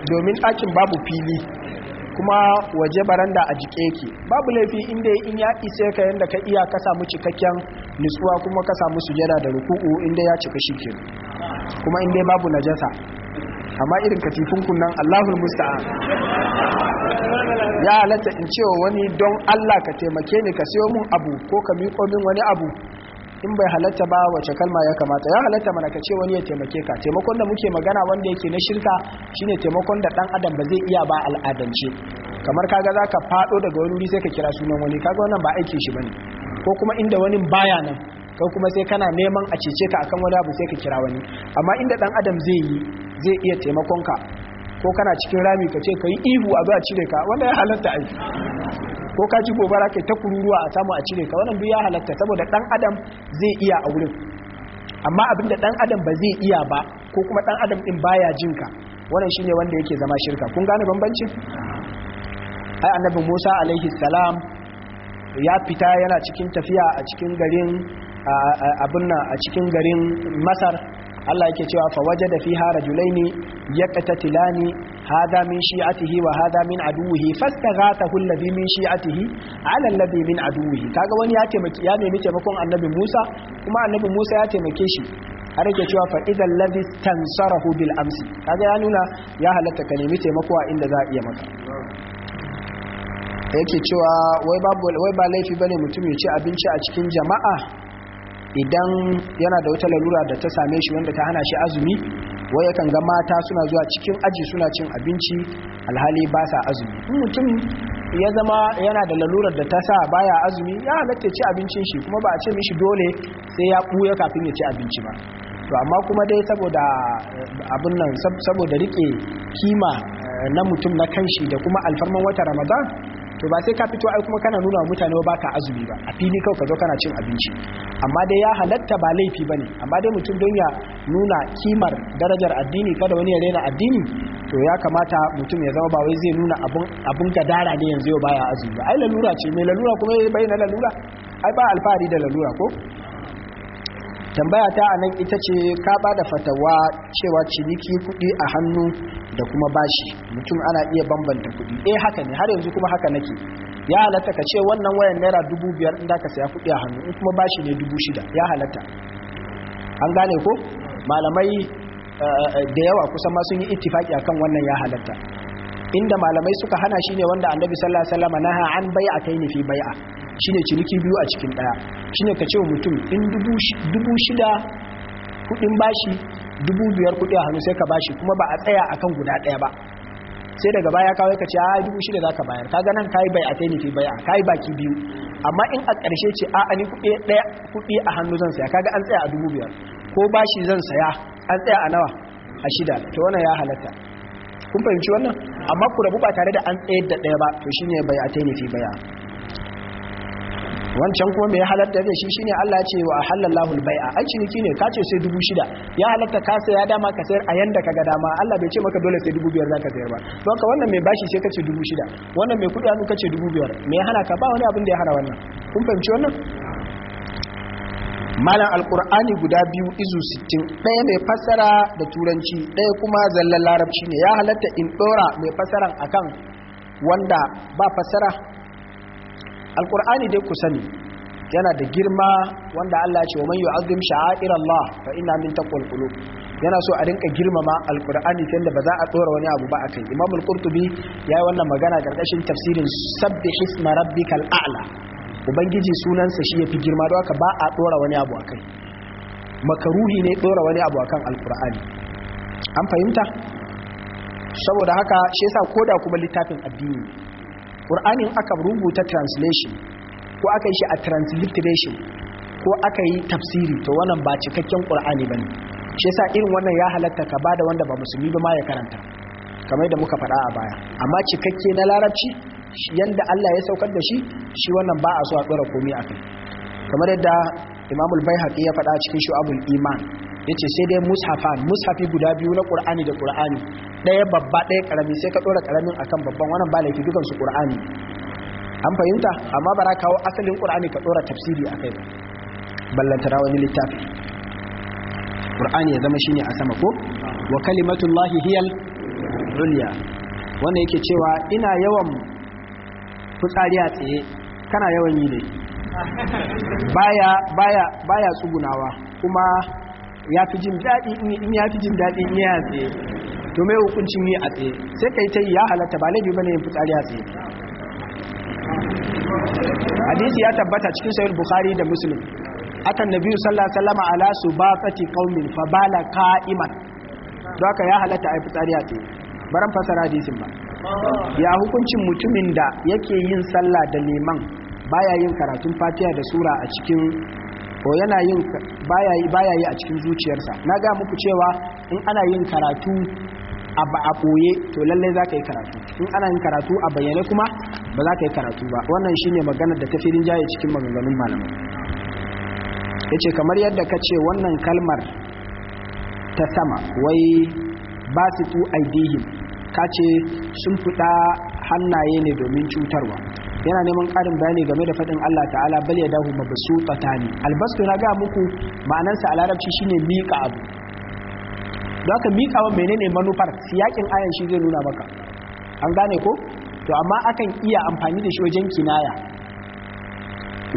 [SPEAKER 1] domin ɗakin babu fili kuma waje baranda a jike ki babu laifi inda in ya ise ka yanda ka iya ka samu cikakken nutsuwa kuma ka samu sujada da ruku'u inda ya cika shike kuma inda babu najasa amma irin katifin kunnan Allahul musta'an ya halatta in cewa wani don Allah ka taimake ni ka siyo mun abu ko ka miƙo min wani abu in bai halatta ba wace kalma ya kamata ya halatta mana ka ce wani ya taimake ka taimakon da muke magana wanda yake na shirka shine taimakon da dan adam ba zai iya ba al'adance kamar kaga zaka fado daga wani wuri sai ka kira sunan wani kaga wannan ba aikin shi bane ko kuma inda wani baya nan kai kuma sai kana neman a cece ka akan wani abu sai ka kira wani amma inda dan adam zai yi zai iya taimakon ka ko kana cikin rami ka ce ka yi ihu a zuwa cire ka wanda ya halatta aiki ko ka ji gobara kai ta kururuwa a samu a cire ka wannan duk ya halatta saboda dan adam zai iya a wurin amma abin da dan adam ba zai iya ba ko kuma dan adam din baya jin ka wannan shine wanda yake zama shirka kun gane bambancin ai annabi Musa alaihi salam ya fita yana cikin tafiya a cikin garin abin nan a cikin garin Masar Allah yake cewa fa wajada fiha rajulaini yaqtatilani هذا من شيعته وهذا من عدوه فاستغاثه الذي من شيعته على الذي من عدوه kaga wani ya taimaki ya nemi taimakon annabi Musa kuma annabi Musa ya taimake shi har yake cewa fa idan ladhi tansarahu bil amsi kaga ya nuna ya halatta ka nemi taimako a inda za a iya maka yake cewa wai babu wai ba laifi bane mutum ya ci abinci a cikin jama'a idan yana da wata lalura da ta same shi wanda ta hana shi azumi wai kan ga mata suna zuwa cikin aji suna cin abinci alhali ba sa azumi in mutum ya zama yana da lalurar da ta sa baya azumi ya halatta ci abincin shi kuma ba a ce mishi dole sai ya buya kafin ya ci abinci ba to amma kuma dai saboda eh, abin nan saboda rike kima eh, na mutum na kanshi da kuma alfarman wata ramadan to ba sai ka fito ai kuma kana nuna mutane ba ka azumi ba a fili kawai ka zo kana cin abinci amma dai ya halatta ba laifi bane amma dai mutum don ya nuna kimar darajar addini kada wani ya rena addini to ya kamata mutum ya zama ba wai zai nuna abun abun gadara ne yanzu yau baya azumi ba ai lalura ce mai lalura kuma bai na lalura ai ba alfahari da lalura ko tambaya ta anan ita ce ka ba da fatawa cewa ciniki kuɗi a hannu da kuma bashi mutum ana iya bambanta kuɗi eh haka ne har yanzu kuma haka nake ya halatta ka ce wannan wayan naira dubu biyar in ka saya kuɗi a hannu in kuma bashi ne dubu shida ya halatta an gane ko malamai eh, eh, da yawa kusan ma sun yi ittifaki akan wannan ya halatta inda malamai suka hana shine wanda annabi sallallahu alaihi wasallam naha an bai'a kai fi bai'a ne ciniki biyu a cikin daya ne ka ce wa mutum in dubu shida kudin bashi dubu biyar kudi a hannu sai ka bashi kuma ba a tsaya akan guda daya ba sai daga baya kawai ka ce a dubu shida za ka bayar kaga nan kayi bai a ta nufi bai a kayi baki biyu amma in a ƙarshe ce a ani kuɗi a hannu zan saya kaga an tsaya a dubu biyar ko bashi zan saya an tsaya a nawa a shida to wannan ya halatta kun fahimci wannan amma ku rabu ba tare da an tsayar da ɗaya ba to shine bai a ta nufi bai wancan kuma mai halatta da shi shine Allah ya ce wa halallahu albai'a ci ciniki ne ka ce sai dubu shida ya halatta ka sai ya dama ka sayar a yanda ka ga dama Allah bai ce maka dole sai dubu biyar zaka sayar ba To ka wannan mai bashi sai ka ce dubu shida wannan mai kudi hannu ka ce dubu biyar me ya hana ka ba wani abin da ya hana wannan kun fahimci wannan malam alkur'ani guda biyu izu 60 daya mai fassara da turanci daya kuma zallan larabci ne ya halatta in ɗora mai fassaran akan wanda ba fassara alkur'ani dai ku sani yana da girma wanda Allah ya ce wa man yu'azzim sha'airallah fa inna min taqwal qulub yana so a rinka girmama alkur'ani tunda da ba za a tsora wani abu ba a kai al qurtubi yayi wannan magana gargashin tafsirin sabbi isma rabbikal a'la ubangiji sunansa shi yafi girma don haka ba a tsora wani abu a makaruhi ne tsora wani abu akan alkur'ani an fahimta saboda haka shi yasa koda kuma littafin addini ƙur'anin aka rubuta translation ko aka yi shi a transliteration ko aka yi tafsiri to wannan ba cikakken ƙur'ani ba ne shi yasa irin wannan ya halatta ka ba da wanda ba musulmi ba ma ya karanta kamar da muka faɗa a baya amma cikakke na larabci yadda Allah ya saukar da shi shi wannan ba a so a tsora komai akai kamar yadda imamul al-Baihaqi ya faɗa cikin Shu'abul Iman ya ce sai dai mushafan mushafi guda biyu na qur'ani da qur'ani ɗaya babba ɗaya ƙarami sai ka ƙaramin karamin akan babban wannan ba laifi dukan su qur'ani an fahimta amma bara kawo asalin qur'ani ka ɗora tafsiri kai ba ballantara wani littafi qur'ani ya zama shine a sama ko wa kalimatullahi hiyal ulya wanda yake cewa ina yawan fitsariya tsaye kana yawan yi ne baya tsugunawa kuma ya fi jin daɗi in ya fi jin daɗi in ya tsaye to mai hukuncin yi a tsaye sai kai ta yi ya halatta ba laifi bane yin fitsari a tsaye hadisi ya tabbata cikin sayar bukhari da musulun akan nabiyyu sallallahu alaihi wasallam ala subaqati qaumin fa bala ka'iman don haka ya halatta a yi fitsari a tsaye baran fasara hadisin ba ya hukuncin mutumin da yake yin sallah da neman baya yin karatun fatiha da sura a cikin to yana yin baya yi a cikin zuciyarsa na ga muku cewa in ana yin karatu a ba a to lallai za ka yi karatu in ana yin karatu a bayyane kuma ba za ka yi karatu ba wannan shine maganar da tafi rinjaye cikin maganganun malamai ya ce kamar yadda ka ce wannan kalmar ta sama wai ba su tu aidihim ka ce sun fita hannaye ne domin cutarwa yana neman ƙarin bayani game da faɗin Allah ta'ala bal yadahu dahu mabsutatani na ga muku ma'anansa a larabci shine miƙa abu don miƙa wa menene manufar siyakin ayan shi zai nuna maka an gane ko to amma akan iya amfani da shi wajen kinaya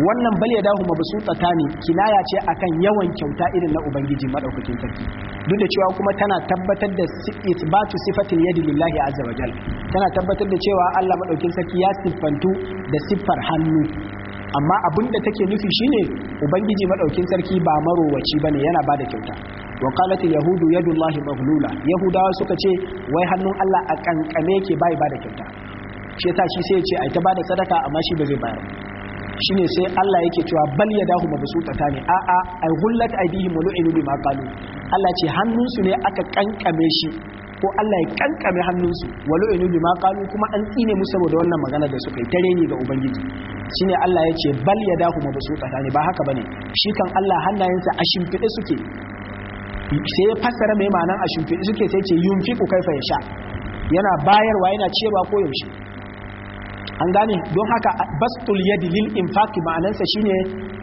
[SPEAKER 1] wannan bal yadahu dahu kinaya ce akan yawan kyauta irin na ubangiji madaukakin sarki duk da cewa kuma tana tabbatar da isbatu sifatil yadi lillahi azza wa tana tabbatar da cewa Allah madaukin sarki ya siffantu da siffar hannu amma abin da take nufi shine ubangiji Maɗaukin sarki ba marowaci bane yana ba da kyauta wa qalat yahudu yadullahi maghlula yahudawa suka ce wai hannun Allah a kankame yake bai da kyauta shi yasa shi sai ya ce ai ta bada sadaka amma shi ba zai bayar shine sai Allah yake cewa bal yadahu mabsuṭata ne a'a ay hullat aydihim wa lu'inu bima qalu Allah ce hannunsu ne aka kankame shi ko Allah ya kankame hannunsu wa lu'inu bima qalu kuma an tsine musu saboda wannan magana da suka yi tare ni ga ubangiji shine Allah ya ce bal yadahu mabsuṭata ne ba haka bane shi kan Allah hannayensa a shimfide suke sai ya fassara mai ma'anan a shimfide suke sai ce yunfiqu kaifa yasha yana bayarwa yana cewa ko yaushe an gane don haka bastul yadi lil infaqi ma'anansa shine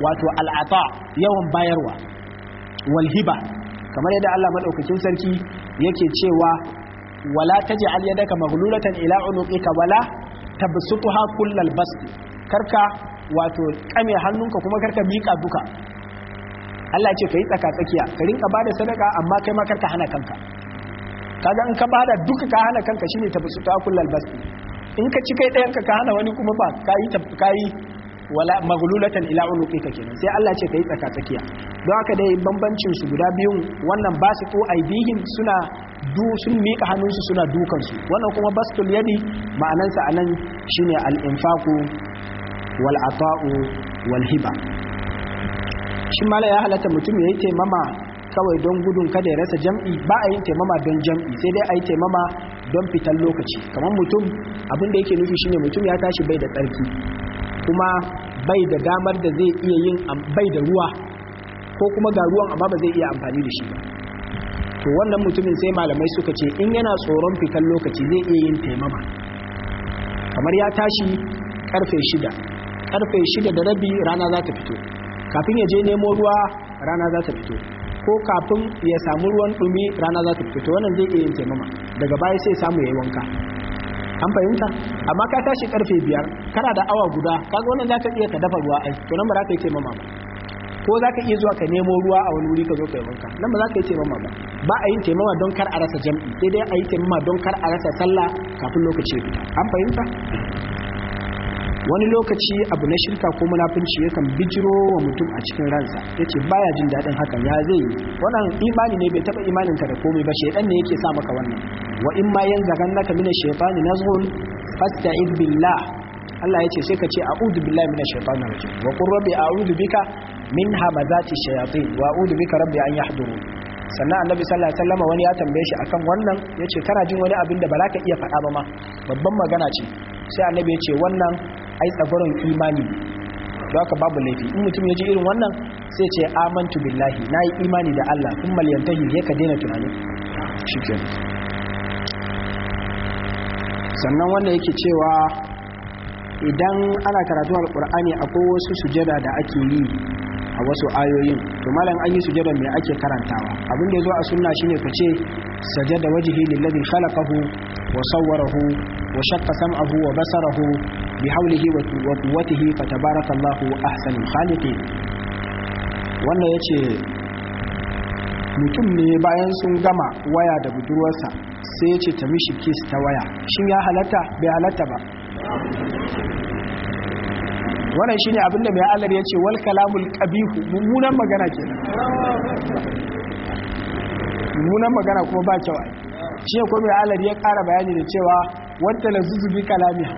[SPEAKER 1] wato al'ata yawan bayarwa wal hiba kamar yadda Allah madaukakin sarki yake cewa wala taj'al yadaka maghlulatan ila unuqika wala tabsutha kullal bast karka wato kame hannunka kuma karka mika duka Allah ya ce kai tsaka tsakiya ka rinka bada sadaka amma kai ma karka hana kanka kaga in ka bada duka ka hana kanka shine tabsutha kullal bast in ka ci kai ɗayan ka ka hana wani kuma ba ka yi ka yi wala maghlulatan ila unuqika kenan sai Allah ce kai tsaka tsakiya don haka dai bambancin su guda biyun wannan basitu aidihin suna du sun mika su suna dukan su wannan kuma bastul yadi ma'anansa anan shine al-infaqu wal ata'u wal hiba shin mala ya halatta mutum yayi taimama kawai don gudun kada ya rasa jam'i ba a yin taimama don jam'i sai dai a yi taimama don fitan lokaci kamar mutum abin da yake nufi shine mutum ya tashi bai da tsarki kuma bai da damar da zai iya yin bai da ruwa ko kuma ga ruwan amma ba zai iya amfani da shi to wannan mutumin sai malamai suka ce in yana tsoron fitan lokaci zai iya yin taimama kamar ya tashi karfe shida karfe shida da rabi rana za ta fito kafin ya je nemo ruwa rana za ta fito ko kafin ya samu ruwan dumi rana za ta fito wannan zai iya yin daga baya sai samu yayi wanka an fahimta amma ka tashi karfe biyar kana da awa guda kaga wannan za ka iya ka dafa ruwa ai to nan ba za ka yi taimama ba ko za ka iya zuwa ka nemo ruwa a wani wuri ka zo ka yi wanka nan ba za ka yi taimama ba ba a yi taimama don kar a rasa jam'i sai dai a yi taimama don kar a rasa sallah kafin lokaci ya fita an fahimta wani lokaci abu na shirka ko munafunci yakan bijiro wa mutum a cikin ransa yace baya jin dadin hakan ya zai yi wannan imani ne bai taba imanin ka da komai ba shedan ne yake sa maka wannan wa in ma yanzaganaka minash shaitani nazghun fasta'id billah Allah yace sai ka ce a'udhu billahi minash shaitani rajim wa qur rabbi a'udhu bika min hamazati shayatin wa a'udhu bika rabbi an yahdurun sannan annabi sallallahu alaihi wasallam wani ya tambaye shi akan wannan yace kana jin wani abin da ba za ka iya faɗa ba ma babban magana ce sai annabi yace wannan ai tsagoron imani don babu laifi in mutum ya ji irin wannan sai ce amantu billahi nayi imani da Allah kun maliyantahi ya ka daina tunani shi sannan wanda yake cewa idan ana karatu alkur'ani akwai wasu sujada da ake yi a wasu ayoyin to malam an yi sujada mai ake karantawa abin da ya zo a sunna shine ku ce sajada wajhi lillazi khalaqahu wa sawwarahu wa shaqqa sam'ahu wa basarahu bihaulihi wa quwwatihi fatabarakallahu ahsanul khaliqin wannan yace mutum ne bayan sun gama waya da budurwarsa sai ya ce ta mishi kis ta waya shin ya halatta bai halatta ba wannan shine abinda mai alar ya ce wal kalamul qabihu mummunan magana kenan mummunan magana kuma ba kyau ai shi ko mai alar ya ƙara bayani da cewa wata lazuzubi kalamiya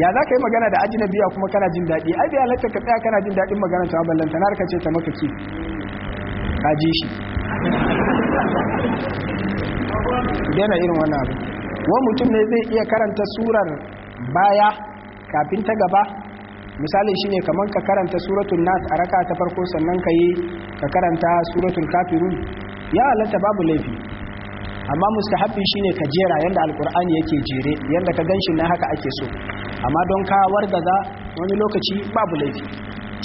[SPEAKER 1] ya za ka yi magana da biya kuma kana jin daɗi ai bai halatta ka tsaya kana jin daɗin magana ta ballanta na harka ce ta maka ki ka ji shi daina irin wannan abu wani mutum ne zai iya karanta surar baya kafin ta gaba misali shine kamar ka karanta suratun nas a raka ta farko sannan ka yi ka karanta suratul kafirun ya halatta babu laifi amma mustahabi shine ka jera yanda alkur'ani yake jere yanda ka ganshi na haka ake so amma don ka daga wani lokaci babu laifi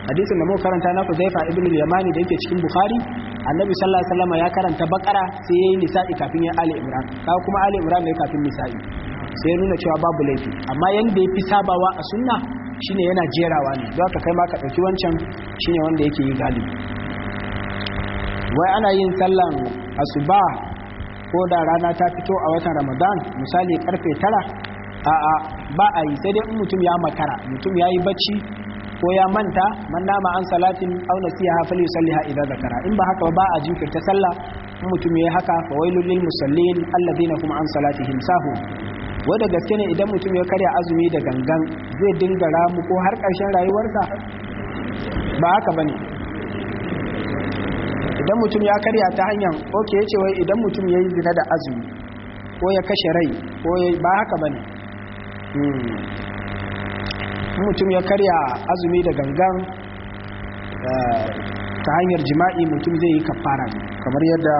[SPEAKER 1] hadisin da muka karanta na Huzaifa ibn al-Yamani da yake cikin Bukhari annabi sallallahu alaihi wasallam ya karanta bakara sai yayi nisa'i kafin ya Ali Imran ka kuma Ali Imran ne kafin nisa'i sai ya nuna cewa babu laifi amma yanda yafi sabawa a sunna shine yana jerawa ne don ka kai ma ka dauki wancan shine wanda yake yi galibi wai ana yin sallan asuba ko da rana ta fito a watan Ramadan misali karfe tara. a'a ba a yi sai dai in mutum ya makara mutum ya yi bacci ko ya manta man nama an salatin aw nasiha falyusalliha idza zakara in ba haka ba a ta sallah in mutum yayi haka fa wailul lil musallin alladhina hum an salatihim sahu wanda gaske ne idan mutum ya karya azumi da gangan zai dinga ramu ko har ƙarshen rayuwarsa ba haka bane idan mutum ya karya ta hanyar ko ke ce wai idan mutum ya yi zina da azumi ko ya kashe rai ko ya ba haka bane Hmm. mutum ya karya azumi da gangan eh, ta hanyar jima'i mutum zai yi kafara kamar yadda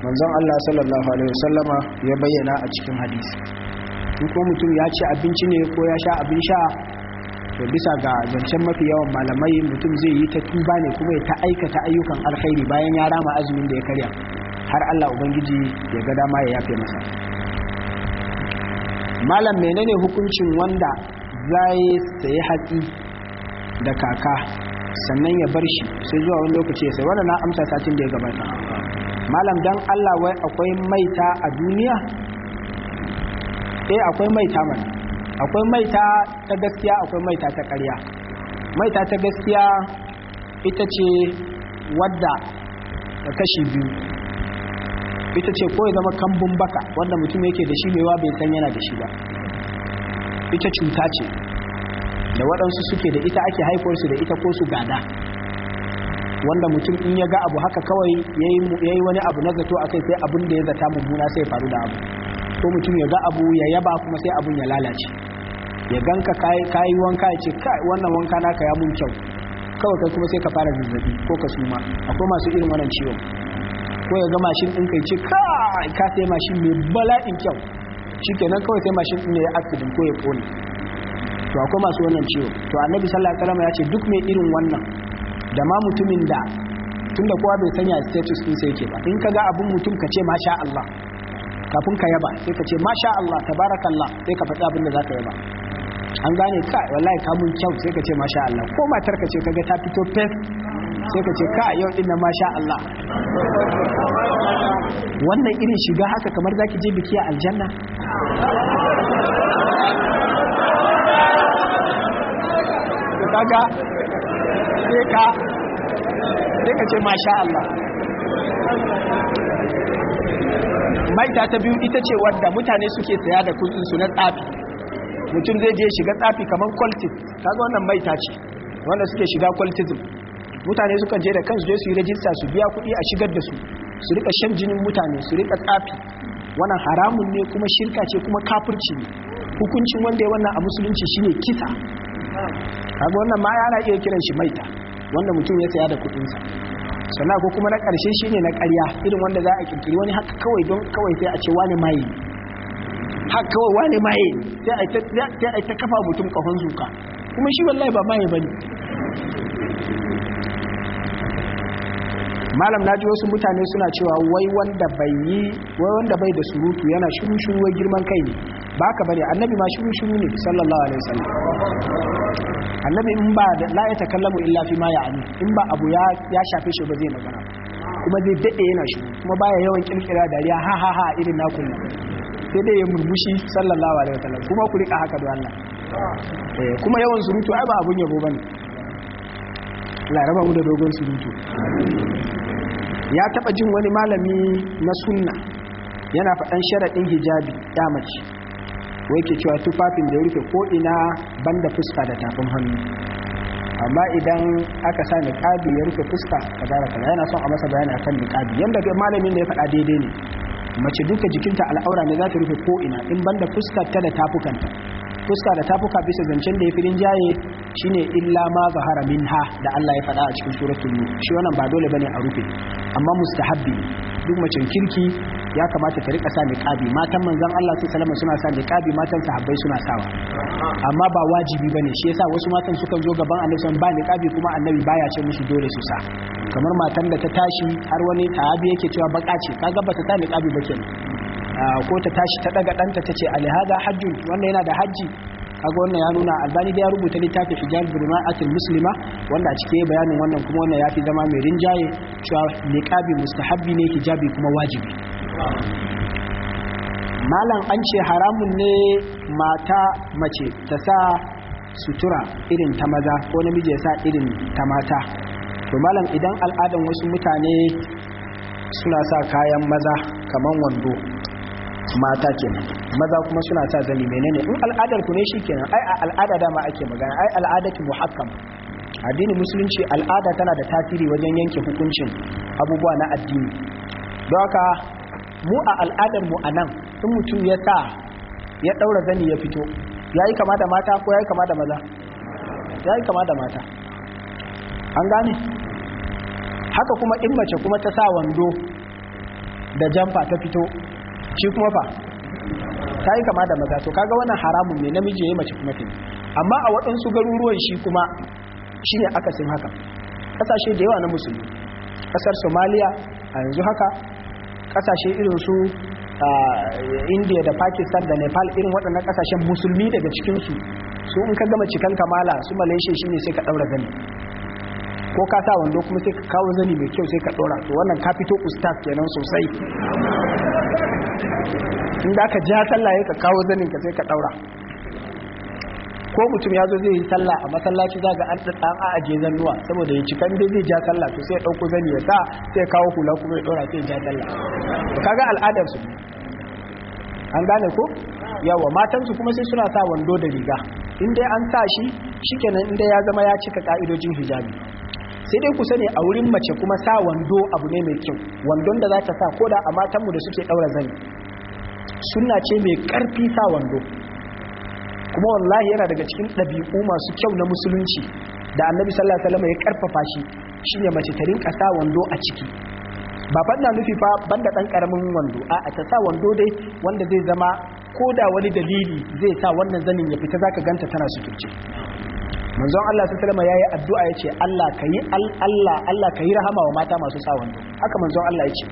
[SPEAKER 1] manzon Allah sallallahu alaihi wasallama ya bayyana a cikin hadisi ko mutum ya ci abinci ne ko ya sha abin sha to bisa ga zancen mafi yawan malamai mutum zai yi ta tuba ne kuma ya ta aikata ayyukan alkhairi bayan ya rama azumin da ya karya har Allah ubangiji ya ga dama ya yafe masa malam menene hukuncin wanda zai sayi hatsi da kaka sannan ya bar shi sai zuwa wani lokaci ya sai wannan na amsa satin da ya gabata malam dan Allah wai akwai maita a duniya eh akwai maita mana akwai maita ta gaskiya akwai maita ta ƙarya maita ta gaskiya ita ce wadda kashi biyu ita ce ko ya zama kambun baka wanda mutum yake da shi maiwa bai san yana da shi ba ita cuta ce da waɗansu suke da ita ake haifarsu da ita ko su gada wanda mutum in ya ga abu haka kawai ya yi wani abu na zato a kai sai abin da ya zata mummuna sai faru da abu ko mutum ya ga abu ya yaba kuma sai abin ya lalace ya ganka kayi wanka ya ce wannan wanka naka ya mun kyau kawai kai kuma sai ka fara zazzabi ko ka suma akwai masu irin wannan ciwon ko ya ga mashin ɗin kai ce kai ka sai mashin mai bala'in kyau shi nan kawai sai mashin ɗin ne ya accident ko ya kone to akwai masu wannan ciwo to annabi sallallahu alaihi wasallam ya ce duk mai irin wannan da ma mutumin da tunda kowa bai sanya status ɗin sai yake ba in ka ga abin mutum ka ce masha Allah kafin ka yaba sai ka ce masha Allah tabarakallah sai ka faɗi abin da zaka yaba an gane ka wallahi ka mun kyau sai ka ce masha Allah ko matar ka ce ga ta fito fes sai ka ce ka yau din masha Allah wannan irin shiga haka kamar za ki je biki a aljanna sai ka ce masha Allah maita ta biyu ita ce wadda mutane suke saya da kudin su na tsafi mutum zai je shiga tsafi kamar ta kaga wannan maita ce wanda suke shiga kwaltism mutane sukan je da kansu je su yi rajista su biya kuɗi a shigar da su su rika shan jinin mutane su rika tsafi wannan haramun ne kuma shirka ce kuma kafirci ne hukuncin wanda ya wannan a musulunci shine kita kaga wannan ma yana iya kiran shi maita wanda mutum ya saya da kuɗinsa sannan ko kuma na shi shine na ƙarya irin wanda za a kirkiri wani haka kawai don kawai sai a ce wani maye haka kawai wani maye sai a ta kafa mutum kahon zuka kuma shi wallahi ba maye bane malam na ji wasu mutane suna cewa wai wanda bai yi wai wanda bai da surutu yana shiru shiru wai girman kai ne ba ka bane annabi ma shiru shiru ne sallallahu alaihi wasallam annabi in ba la ya takallamu illa fi ma ya'ni in ba abu ya ya shafe shi ba zai magana kuma zai dade yana shiru kuma baya yawan kirkira dariya ha ha ha irin nakun sai dai ya murmushi sallallahu alaihi wasallam kuma ku rika haka don Allah eh, kuma yawan surutu ai ba abun yabo bane Allah ya raba mu da dogon surutu ya taba jin wani malami na sunna yana faɗan sharaɗin hijabi ya mace wai ke cewa tufafin da ya rufe ko'ina banda fuska da tafin hannu amma idan aka sa niqabi ya rufe fuska kaza kaza yana son a masa bayani akan niqabi yanda ga malamin da ya faɗa daidai ne mace duka jikinta al'aura ne za ta rufe ko'ina in banda fuska ta da tafukanta fuska da tafuka bisa zancen da ya fi rinjaye shine illa ma zahara minha da Allah ya faɗa a cikin suratul nur shi wannan ba dole bane a rufe amma mustahabbi duk mace kirki ya kamata ta rika sa niqabi matan manzon Allah sallallahu alaihi suna sa niqabi matan sahabbai suna sawa amma ba wajibi bane shi yasa wasu matan sukan zo gaban Annabi ba niqabi kuma Annabi baya ce musu dole su sa kamar matan da ta tashi har wani sahabi yake cewa baka ce kaga ba ta sa niqabi ba kenan ah, ko ta tashi ta daga danta tace alhaza hajjun wannan yana da hajji. kaga wannan ya nuna albani da ya rubuta littafin burma birma'atul muslima wanda a cike bayanin wannan kuma wannan ya fi zama mai rinjaye cewa niqabi mustahabbi ne hijabi kuma wajibi malam an ce haramun ne mata mace ta sa sutura irin ta maza ko namiji ya sa irin ta mata to malam idan al'adan wasu mutane suna sa kayan maza kaman wando mata kenan maza kuma suna sa zani menene in al'adar ku ne shikenan ai a al'ada dama ake magana ai al'adatu muhakkam addinin musulunci al'ada tana da tasiri wajen yanke hukuncin abubuwa na addini don haka mu a al'adar mu anan in mutum ya sa ya daura zani ya fito yayi kama da mata ko yayi kama da maza yayi kama da mata an gane haka kuma in mace kuma ta sa wando da jamfa ta fito shi kuma fa ta yi kama da maza to kaga wannan haramun ne namiji ya yi mace kuma ta amma a waɗansu garuruwan shi kuma shi ne akasin haka ƙasashe da yawa na musulmi ƙasar somaliya a yanzu haka ƙasashe irin su india da pakistan da nepal irin waɗannan ƙasashen musulmi daga cikinsu su in ka gama cikan kamala su malaysia shi ne sai ka ɗaura zani, ko ka sa wando kuma sai ka kawo zani mai kyau sai ka ɗaura, to wannan ka fito ustaz kenan sosai inda aka ja sallah ya ka kawo zanin ka sai ka ɗaura. ko mutum ya zo zai yi sallah a masallaci za ga an ɗan a aje zannuwa saboda ya cikan dai zai ja sallah to sai ya ɗauko zani ya sa sai ya kawo hula kuma ya ɗora sai ya ja sallah kaga al'adar su an gane ko yawa Matansu kuma sai suna sa wando da riga in dai an sa shi shikenan in dai ya zama ya cika ka'idojin hijabi sai dai ku sani a wurin mace kuma sa wando abu ne mai kyau wandon da za ta sa ko da a matanmu da suke daura zani suna ce mai karfi sa wando kuma wallahi yana daga cikin ɗabi'u masu kyau na musulunci da annabi sallallahu alaihi ya karfafa shi shine mace ta rinka sa wando a ciki ba fadna nufi fa banda dan karamin wando a ta sa wando dai wanda zai zama koda wani dalili zai sa wannan zanin ya fita zaka ganta tana suturce manzon Allah salama ya yayi addu'a ya ce kai Allah Allah kai rahama wa mata masu sa wando haka manzon Allah yace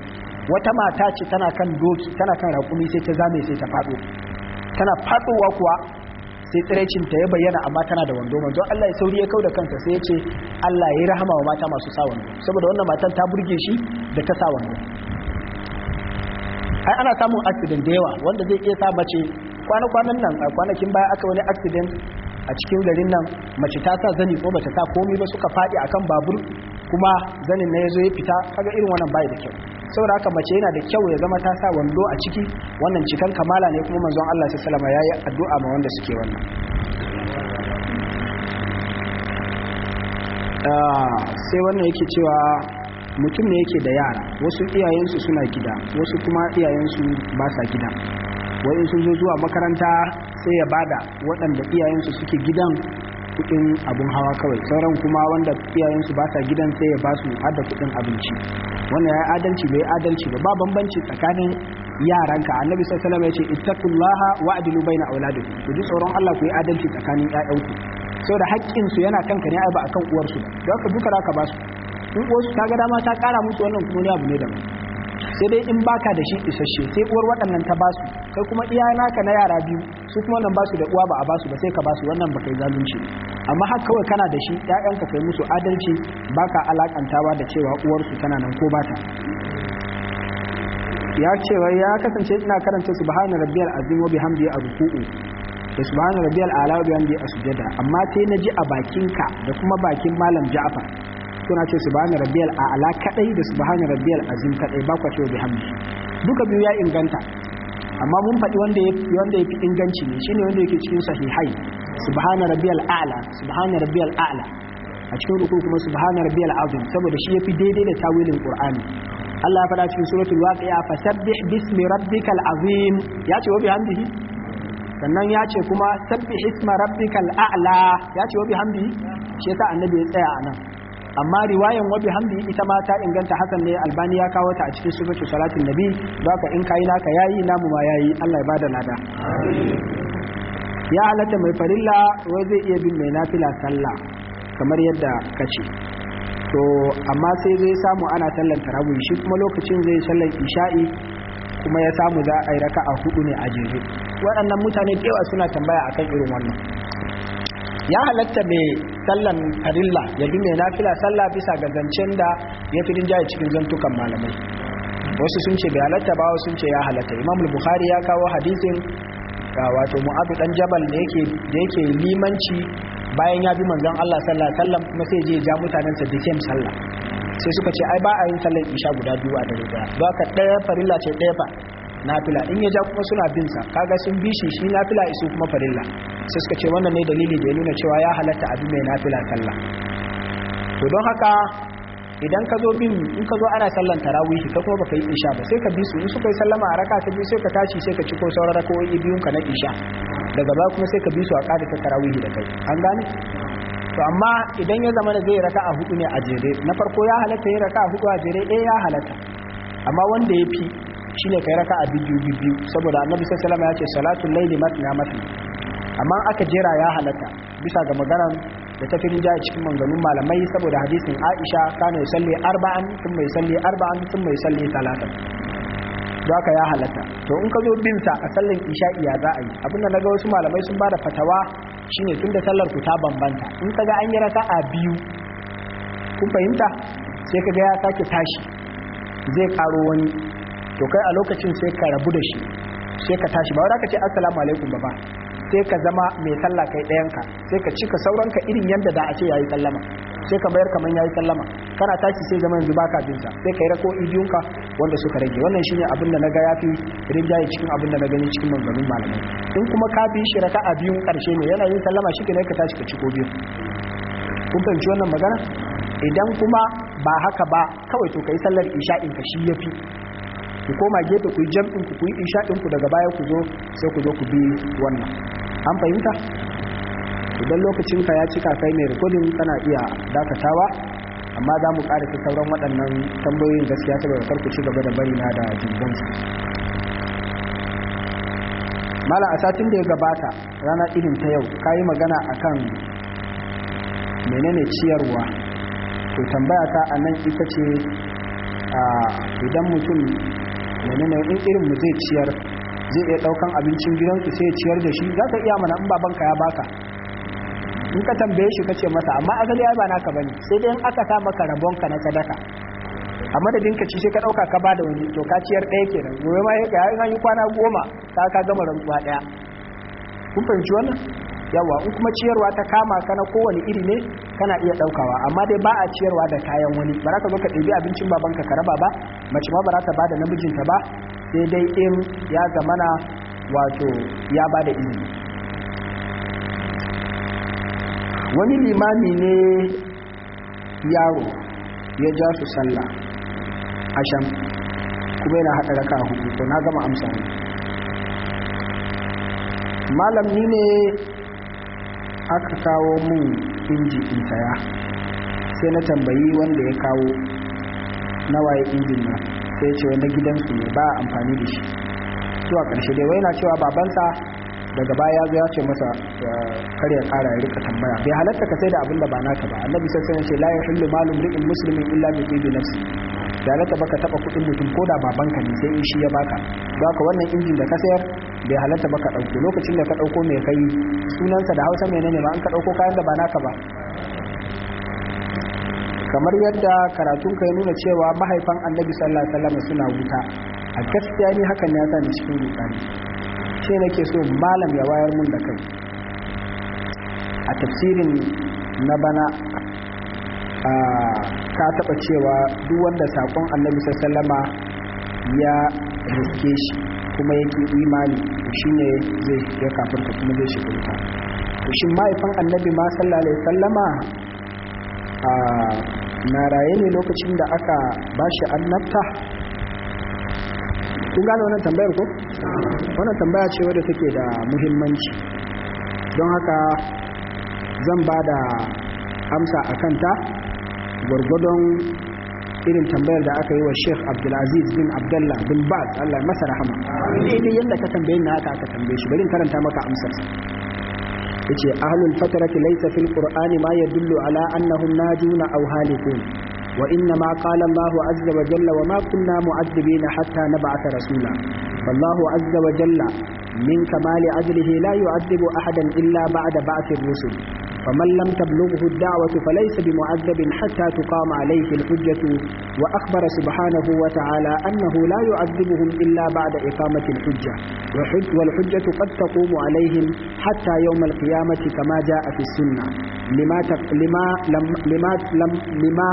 [SPEAKER 1] wata mata ce tana kan doki tana kan raƙumi sai ta zame sai ta fado tana faɗowa kuwa sai tsiraicin ta ya bayyana amma tana da wando manzon Allah ya sauri ya kau da kansa sai ya ce Allah yayi rahama wa mata masu sa wando saboda wannan matan ta burge shi da ta sa wando ai ana samun accident da yawa wanda zai iya sa mace kwana-kwanan nan a kwanakin baya aka wani accident a cikin garin nan mace ta sa zani ko bata sa komai ba suka faɗi akan babur kuma zanin na yazo ya fita kaga irin wannan bai da kyau saboda haka mace yana da kyau ya zama ta sa wando a ciki wannan cikan kamala ne kuma manzon Allah sallallahu alaihi wasallam yayi addu'a ma wanda suke wannan ah, sai wannan yake cewa mutum ne yake da yara wasu iyayensu suna gida wasu kuma iyayensu ba sa gida wai sun zo zuwa makaranta sai ya bada waɗanda iyayensu suke gidan kuɗin abun hawa kawai sauran kuma wanda iyayensu ba ta gidan sai ya ba su hada kuɗin abinci wannan ya adalci bai adalci ba ba bambanci tsakanin yaranka annabi sai salama ya ce ittaqullaha adilu baina auladikum ku ji tsoron Allah ku yi adalci tsakanin ƴaƴanku saboda haƙƙin su yana kanka ne ai ba akan uwarsu ba don haka duka zaka ba su in uwarsu ta ga dama ta ƙara musu wannan kuma ne abu ne daban sai dai in baka da shi isasshe sai uwar waɗannan ta basu kai kuma iya naka na yara biyu su kuma wannan basu da uwa ba a basu ba sai ka basu wannan ba kai zalunci amma har kawai kana da shi ƴaƴanka kai musu adalci baka alakantawa da cewa uwarsu tana nan ko ba ta. ya ce ya kasance ina karanta subhana rabbiyal azim wa bihamdi a ruku'u da subhana rabbiyal ala wa bihamdi a sujada amma sai naji a bakinka da kuma bakin malam ja'far suna ce subhana rabbiyal a'la kadai da subhana rabbiyal azim kadai ba ku ce bihamdi duka biyu ya inganta amma mun faɗi wanda ya wanda inganci ne shine wanda yake cikin sahihai subhana rabbiyal a'la subhana rabbiyal a'la a cikin rukun kuma subhana rabbiyal azim saboda shi yafi daidai da tawilin qur'ani Allah ya faɗa cikin suratul waqi'a fasabbih bismi rabbikal azim ya ce wa bihamdihi sannan ya ce kuma sabbih isma rabbikal a'la ya ce wa bihamdihi shi yasa annabi ya tsaya anan amma riwayan wabi Hamdi ita ma ta inganta hasan ne albani ya kawo ta a cikin sifatu salatin nabi don ka in kai naka yayi namu ma yayi Allah ya bada lada ya halatta mai farilla wai zai iya bin mai nafila sallah kamar yadda kace to amma sai zai samu ana sallan tarawih shi kuma lokacin zai sallan isha'i kuma ya samu za a yi raka'a hudu ne a jere waɗannan mutane kewa suna tambaya akan irin wannan ya halatta mai sallan farilla ya bi mai nafila sallah bisa ga zancen da ya fi rinjaye cikin zantukan malamai wasu sun ce bai halatta ba wasu sun ce ya halatta imam bukhari ya kawo hadisin ga wato mu'abu dan jabal da yake da limanci bayan ya bi manzon Allah sallallahu alaihi kuma sai je ja mutanen sa da sai suka ce ai ba a yin sallar isha guda biyu a dare ba don ɗaya daya farilla ce daya fa nafila in ya ja kuma suna bin sa kaga sun bi shi shi nafila isu kuma farilla sai suka ce wannan ne dalili da ya nuna cewa ya halatta abin mai nafila sallah to don haka idan ka zo bin in ka zo ana sallan tarawih ka kuma baka yi isha ba sai ka bi su in suka yi sallama a raka ta bi, sai ka tashi sai ka ci ko sauran rakawoyi biyun ka na isha daga baya kuma sai ka bi su a kada ka tarawih da kai an gane to amma idan ya zama zai raka a hudu ne a jere na farko ya halatta yin raka a hudu a jere ɗaya eh, ya halatta amma wanda ya fi shine kai raka'a biyu biyu saboda annabi sallallahu alaihi wasallam ya ce salatul layli matna matna amma aka jera ya halatta bisa ga maganar da ta fi rinjaye cikin manganun malamai saboda hadisin Aisha kana yusalli arba'an tun mai salli arba'an tun mai salli talatan haka ya halatta to in ka zo bin sa a sallan isha'i ya za a yi Abin da naga wasu malamai sun bada fatawa shine tunda sallar ku ta bambanta in ka ga an yi raka'a biyu kun fahimta sai ga ya sake tashi zai karo wani to kai a lokacin sai ka rabu da shi sai ka tashi ba wadda ka ce assalamu alaikum ba ba sai ka zama mai sallah kai ɗayanka sai ka cika sauranka irin yadda da a ce yayi sallama sai ka bayar kaman yayi sallama kana tashi sai zama yanzu baka jin sa sai ka yi rako ka wanda suka rage wannan shine abin da naga yafi rinjaye cikin abin da na gani cikin manzalin malamai in kuma ka bi shi a biyun karshe ne yana yin sallama shi ne ka tashi ka ciko biyu kun fahimci wannan magana idan kuma ba haka ba kawai to kai sallar isha'in ka shi yafi ku koma gefe ku yi jam'in ku yi ku daga baya ku zo sai ku zo ku bi wannan an fahimta idan lokacin ka ya cika kai mai rikodin kana iya dakatawa amma za mu kare ta sauran waɗannan tambayoyin gaskiya saboda kar ku ci gaba da bari na da jirgin su mala a satin da ya gabata rana irin ta yau ka yi magana a kan menene ciyarwa to tambaya ta a nan ita ce idan mutum domin in irin mu zai ciyar zai iya daukan abincin gidansu sai ciyar da shi za ka iya mana in ka ya baka in ka tambaye shi kace masa amma asali ai ba naka bane sai dai in aka sa maka ka na sadaka a madadin ka ci sai ka dauka ka bada wani to ka ciyar ɗaya kenan gobe ma ya yi kwana goma ka ka gama rantsuwa ɗaya kun fahimci wannan yawa in kuma ciyarwa ta kama ka na kowane iri ne kana iya daukawa amma dai ba a ciyarwa da kayan wani ba za ka zo ka ɗebi abincin babanka ka raba ba mace ma ba za ta ba da namijinta ba sai dai in ya zamana wato ya ba da izini wani limami ne yaro ya ja su sallah asham kuma yana haɗa raka hudu to na gama amsa malam ni ne aka kawo mun inji in saya sai na tambayi wanda ya kawo nawaye injin nan sai ce wanda gidansu ne ba amfani da shi zuwa ƙarshe dai wai na cewa babansa daga baya ya ce masa kar ya kara ya rika tambaya bai halatta ka sai da abin da ba naka ba annabi sai sai ce la yahillu malum ri'in muslimin illa bi nafsi da na taba ka taba kudin mutum ko da babanka ne sai in shi ya baka don ka wannan injin da ka sayar bai halatta ba ka dauko lokacin da ka dauko mai kai sunansa da hausa ne ba an ka dauko kayan da ba naka ba kamar yadda karatun ka ya nuna cewa mahaifan annabi sallallahu alaihi wasallam suna wuta a gaskiya ne hakan ya sa ni cikin rudani ce nake so malam ya wayar mun da kai a tafsirin na bana a ka taɓa cewa duk wanda sakon annabi sallama ya riske shi kuma yake imani shi ne zai ya kafarta kuma zai shi kurta to shi mahaifin annabi ma sallallahu sallama a na raye ne lokacin da aka ba shi annabta kun gane wannan tambayar ko wannan tambaya ce wadda take da muhimmanci don haka zan ba da amsa a kanta gwargwadon irin tambayar da aka yi wa Sheikh Abdulaziz bin Abdullah bin Baz Allah masa rahama daidai yadda ka tambaye ni haka aka tambaye shi bari in karanta maka amsar yace ahlul fatrati laysa fil qur'ani ma yadullu ala annahum najuna aw halikun wa inna ma qala Allah azza wa jalla wa ma kunna mu'adhibin hatta nab'atha rasula wallahu azza wa jalla min kamali ajlihi la yu'adhibu ahadan illa ba'da ba'thi ar-rusul فمن لم تبلغه الدعوة فليس بمعذب حتى تقام عليه الحجة وأخبر سبحانه وتعالى أنه لا يعذبهم إلا بعد إقامة الحجة والحجة قد تقوم عليهم حتى يوم القيامة كما جاء في السنة لما, لما, لم لما, لم لما,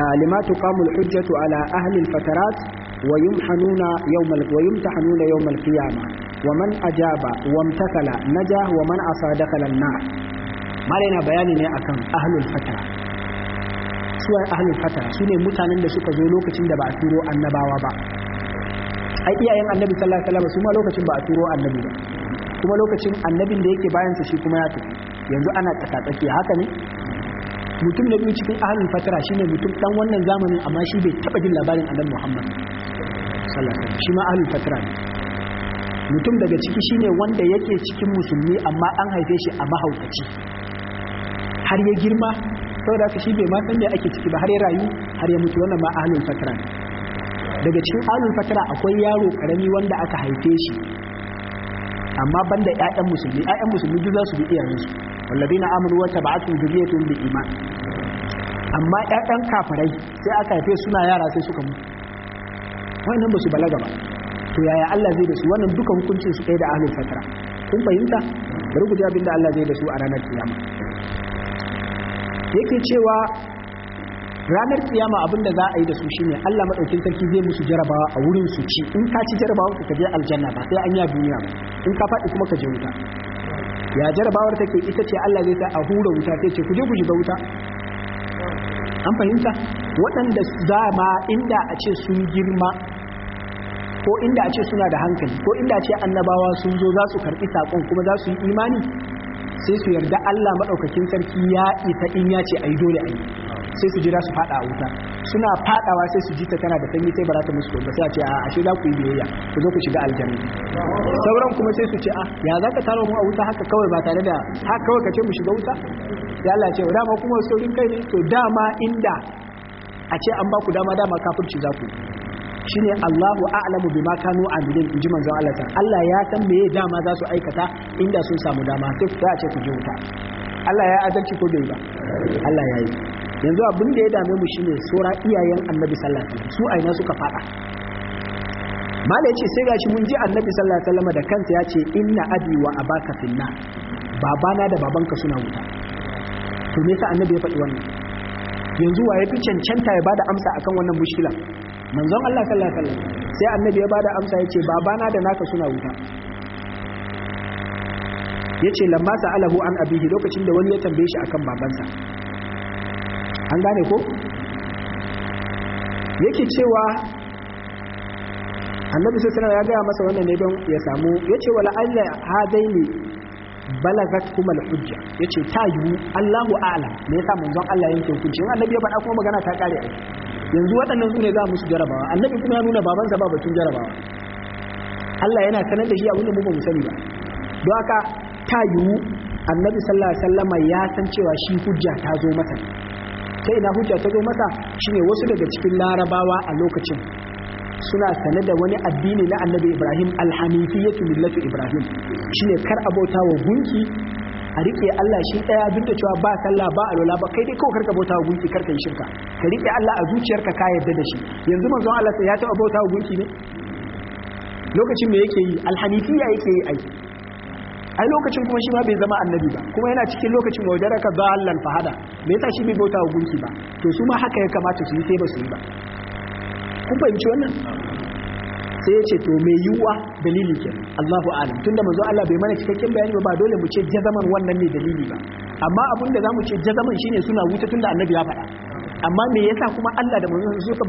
[SPEAKER 1] آه لما تقام الحجة على أهل الفترات ويمحنون يوم ويمتحنون يوم القيامة wa man ajaba wamtakala na wa man asa dakala na mala yana bayani ne akan ahlul fatara suwa ahlul fatara sune mutanen da suka zo lokacin da ba a turo annabawa ba ai iyayen annabi sallallahu alaihi wasallam su ma lokacin ba a turo annabi ba kuma lokacin annabin da yake bayan sa shi kuma yanzu ana tsakatsaki haka ne mutum na biyu cikin ahlul fatara shine mutum dan wannan zamanin amma shi bai taba jin labarin annabi Muhammad sallallahu alaihi wasallam shi ma ahalin fatara ne mutum daga ciki shine wanda yake cikin musulmi amma an haife shi a mahaukaci har ya girma saboda haka shi bai ma san me ake ciki ba har ya rayu har ya mutu wannan ma ahlul fatra daga cikin ahlul fatra akwai yaro karami wanda aka haife shi amma banda 'ya'yan musulmi ƴaƴan musulmi duk za su bi iyayensu walladina amanu wa tabatu dhurriyyatuhum bil iman amma ƴaƴan kafirai sai aka haife suna yara sai suka mutu wannan ba su balaga ba to yaya Allah zai da su wannan duka hukuncin su kai da ahlul fatara kun fahimta bari ku ji abin da Allah zai da su a ranar kiyama yake cewa ranar kiyama da za a yi da su shine Allah madaukin sarki zai musu jarabawa a wurin su ci in ka ci jarabawa ka je aljanna ba sai an ya duniya ba in ka faɗi kuma ka je wuta ya jarabawar take ita ce Allah zai ta a hura wuta sai ce ku je ku shiga wuta an fahimta waɗanda za ma inda a ce sun girma ko inda a ce suna da hankali ko inda a ce annabawa sun zo za su karɓi saƙon kuma za su yi imani sai su yarda Allah maɗaukakin sarki ya isa in ya ce a dole a yi sai su jira su faɗa a wuta suna faɗawa sai su ji ta tana da sanyi sai ba ta musu ba sai a ce a ashe za ku yi biyayya ku zo ku shiga aljanna sauran kuma sai su ce a ya za ka tara mu a wuta haka kawai ba tare da haka kawai ka ce mu shiga wuta ya Allah ce dama kuma saurin kai ne to dama inda a ce an ba ku dama dama kafirci za ku shine Allahu a'lamu bima kanu amilin inji manzon Allah ta Allah ya san meye dama za su aikata inda sun samu dama sai su ce ku je wuta Allah ya azalci ko bai ba Allah ya yi yanzu abin da ya dame mu shine sura iyayen Annabi sallallahu alaihi wasallam su aina suka fada mala yace sai gashi mun ji Annabi sallallahu alaihi wasallam da kansa yace inna abi wa abaka finna babana da babanka suna wuta to me yasa Annabi ya faɗi wannan yanzu waye fi cancanta ya bada amsa akan wannan mushkilar manzon Allah sallallahu alaihi wasallam sai annabi ya bada amsa yace babana da naka suna wuta yace lamma sa'alahu an abihi lokacin da wani ya tambaye shi akan babansa an gane ko yake cewa annabi sai sanar ya gaya masa wannan ne don ya samu ya ce wala allah hadaini balagat kuma hujja ya ce ta yiwu allahu a'lam me ya manzon allah yake hukunci annabi ya faɗa kuma magana ta ƙare ai yanzu waɗannan su ne za musu jarabawa annabi kuma ya nuna babansa ba batun jarabawa Allah yana sanar da shi abin da mu ba mu sani ba don haka ta yiwu annabi sallallahu alaihi wasallama ya san cewa shi hujja ta zo masa sai na hujja ta zo masa shine wasu daga cikin larabawa a lokacin suna sane da wani addini na annabi ibrahim alhanifiyatu millatu ibrahim shine kar abota wa gunki a rike Allah shi daya duk da cewa ba sallah ba alwala ba kai dai ko karka bauta wa gunki karka yi shirka ka rike Allah a zuciyarka ka yarda da shi yanzu manzo Allah sai ya taba bauta wa gunki ne lokacin me yake yi alhanifiya yake yi ai ai lokacin kuma shi ma bai zama annabi ba kuma yana cikin lokacin wajaraka dallan fahada me yasa shi bai bauta wa gunki ba to su ma haka ya kamata su yi sai ba su yi ba kun fahimci wannan sai ya ce to mai yiwuwa dalili ke Allahu alam tunda manzo Allah bai mana cikakken bayani ba dole mu ce jazaman wannan ne dalili ba amma abinda da mu ce jazaman shine suna wuta tunda annabi ya faɗa amma me yasa kuma Allah da manzo suka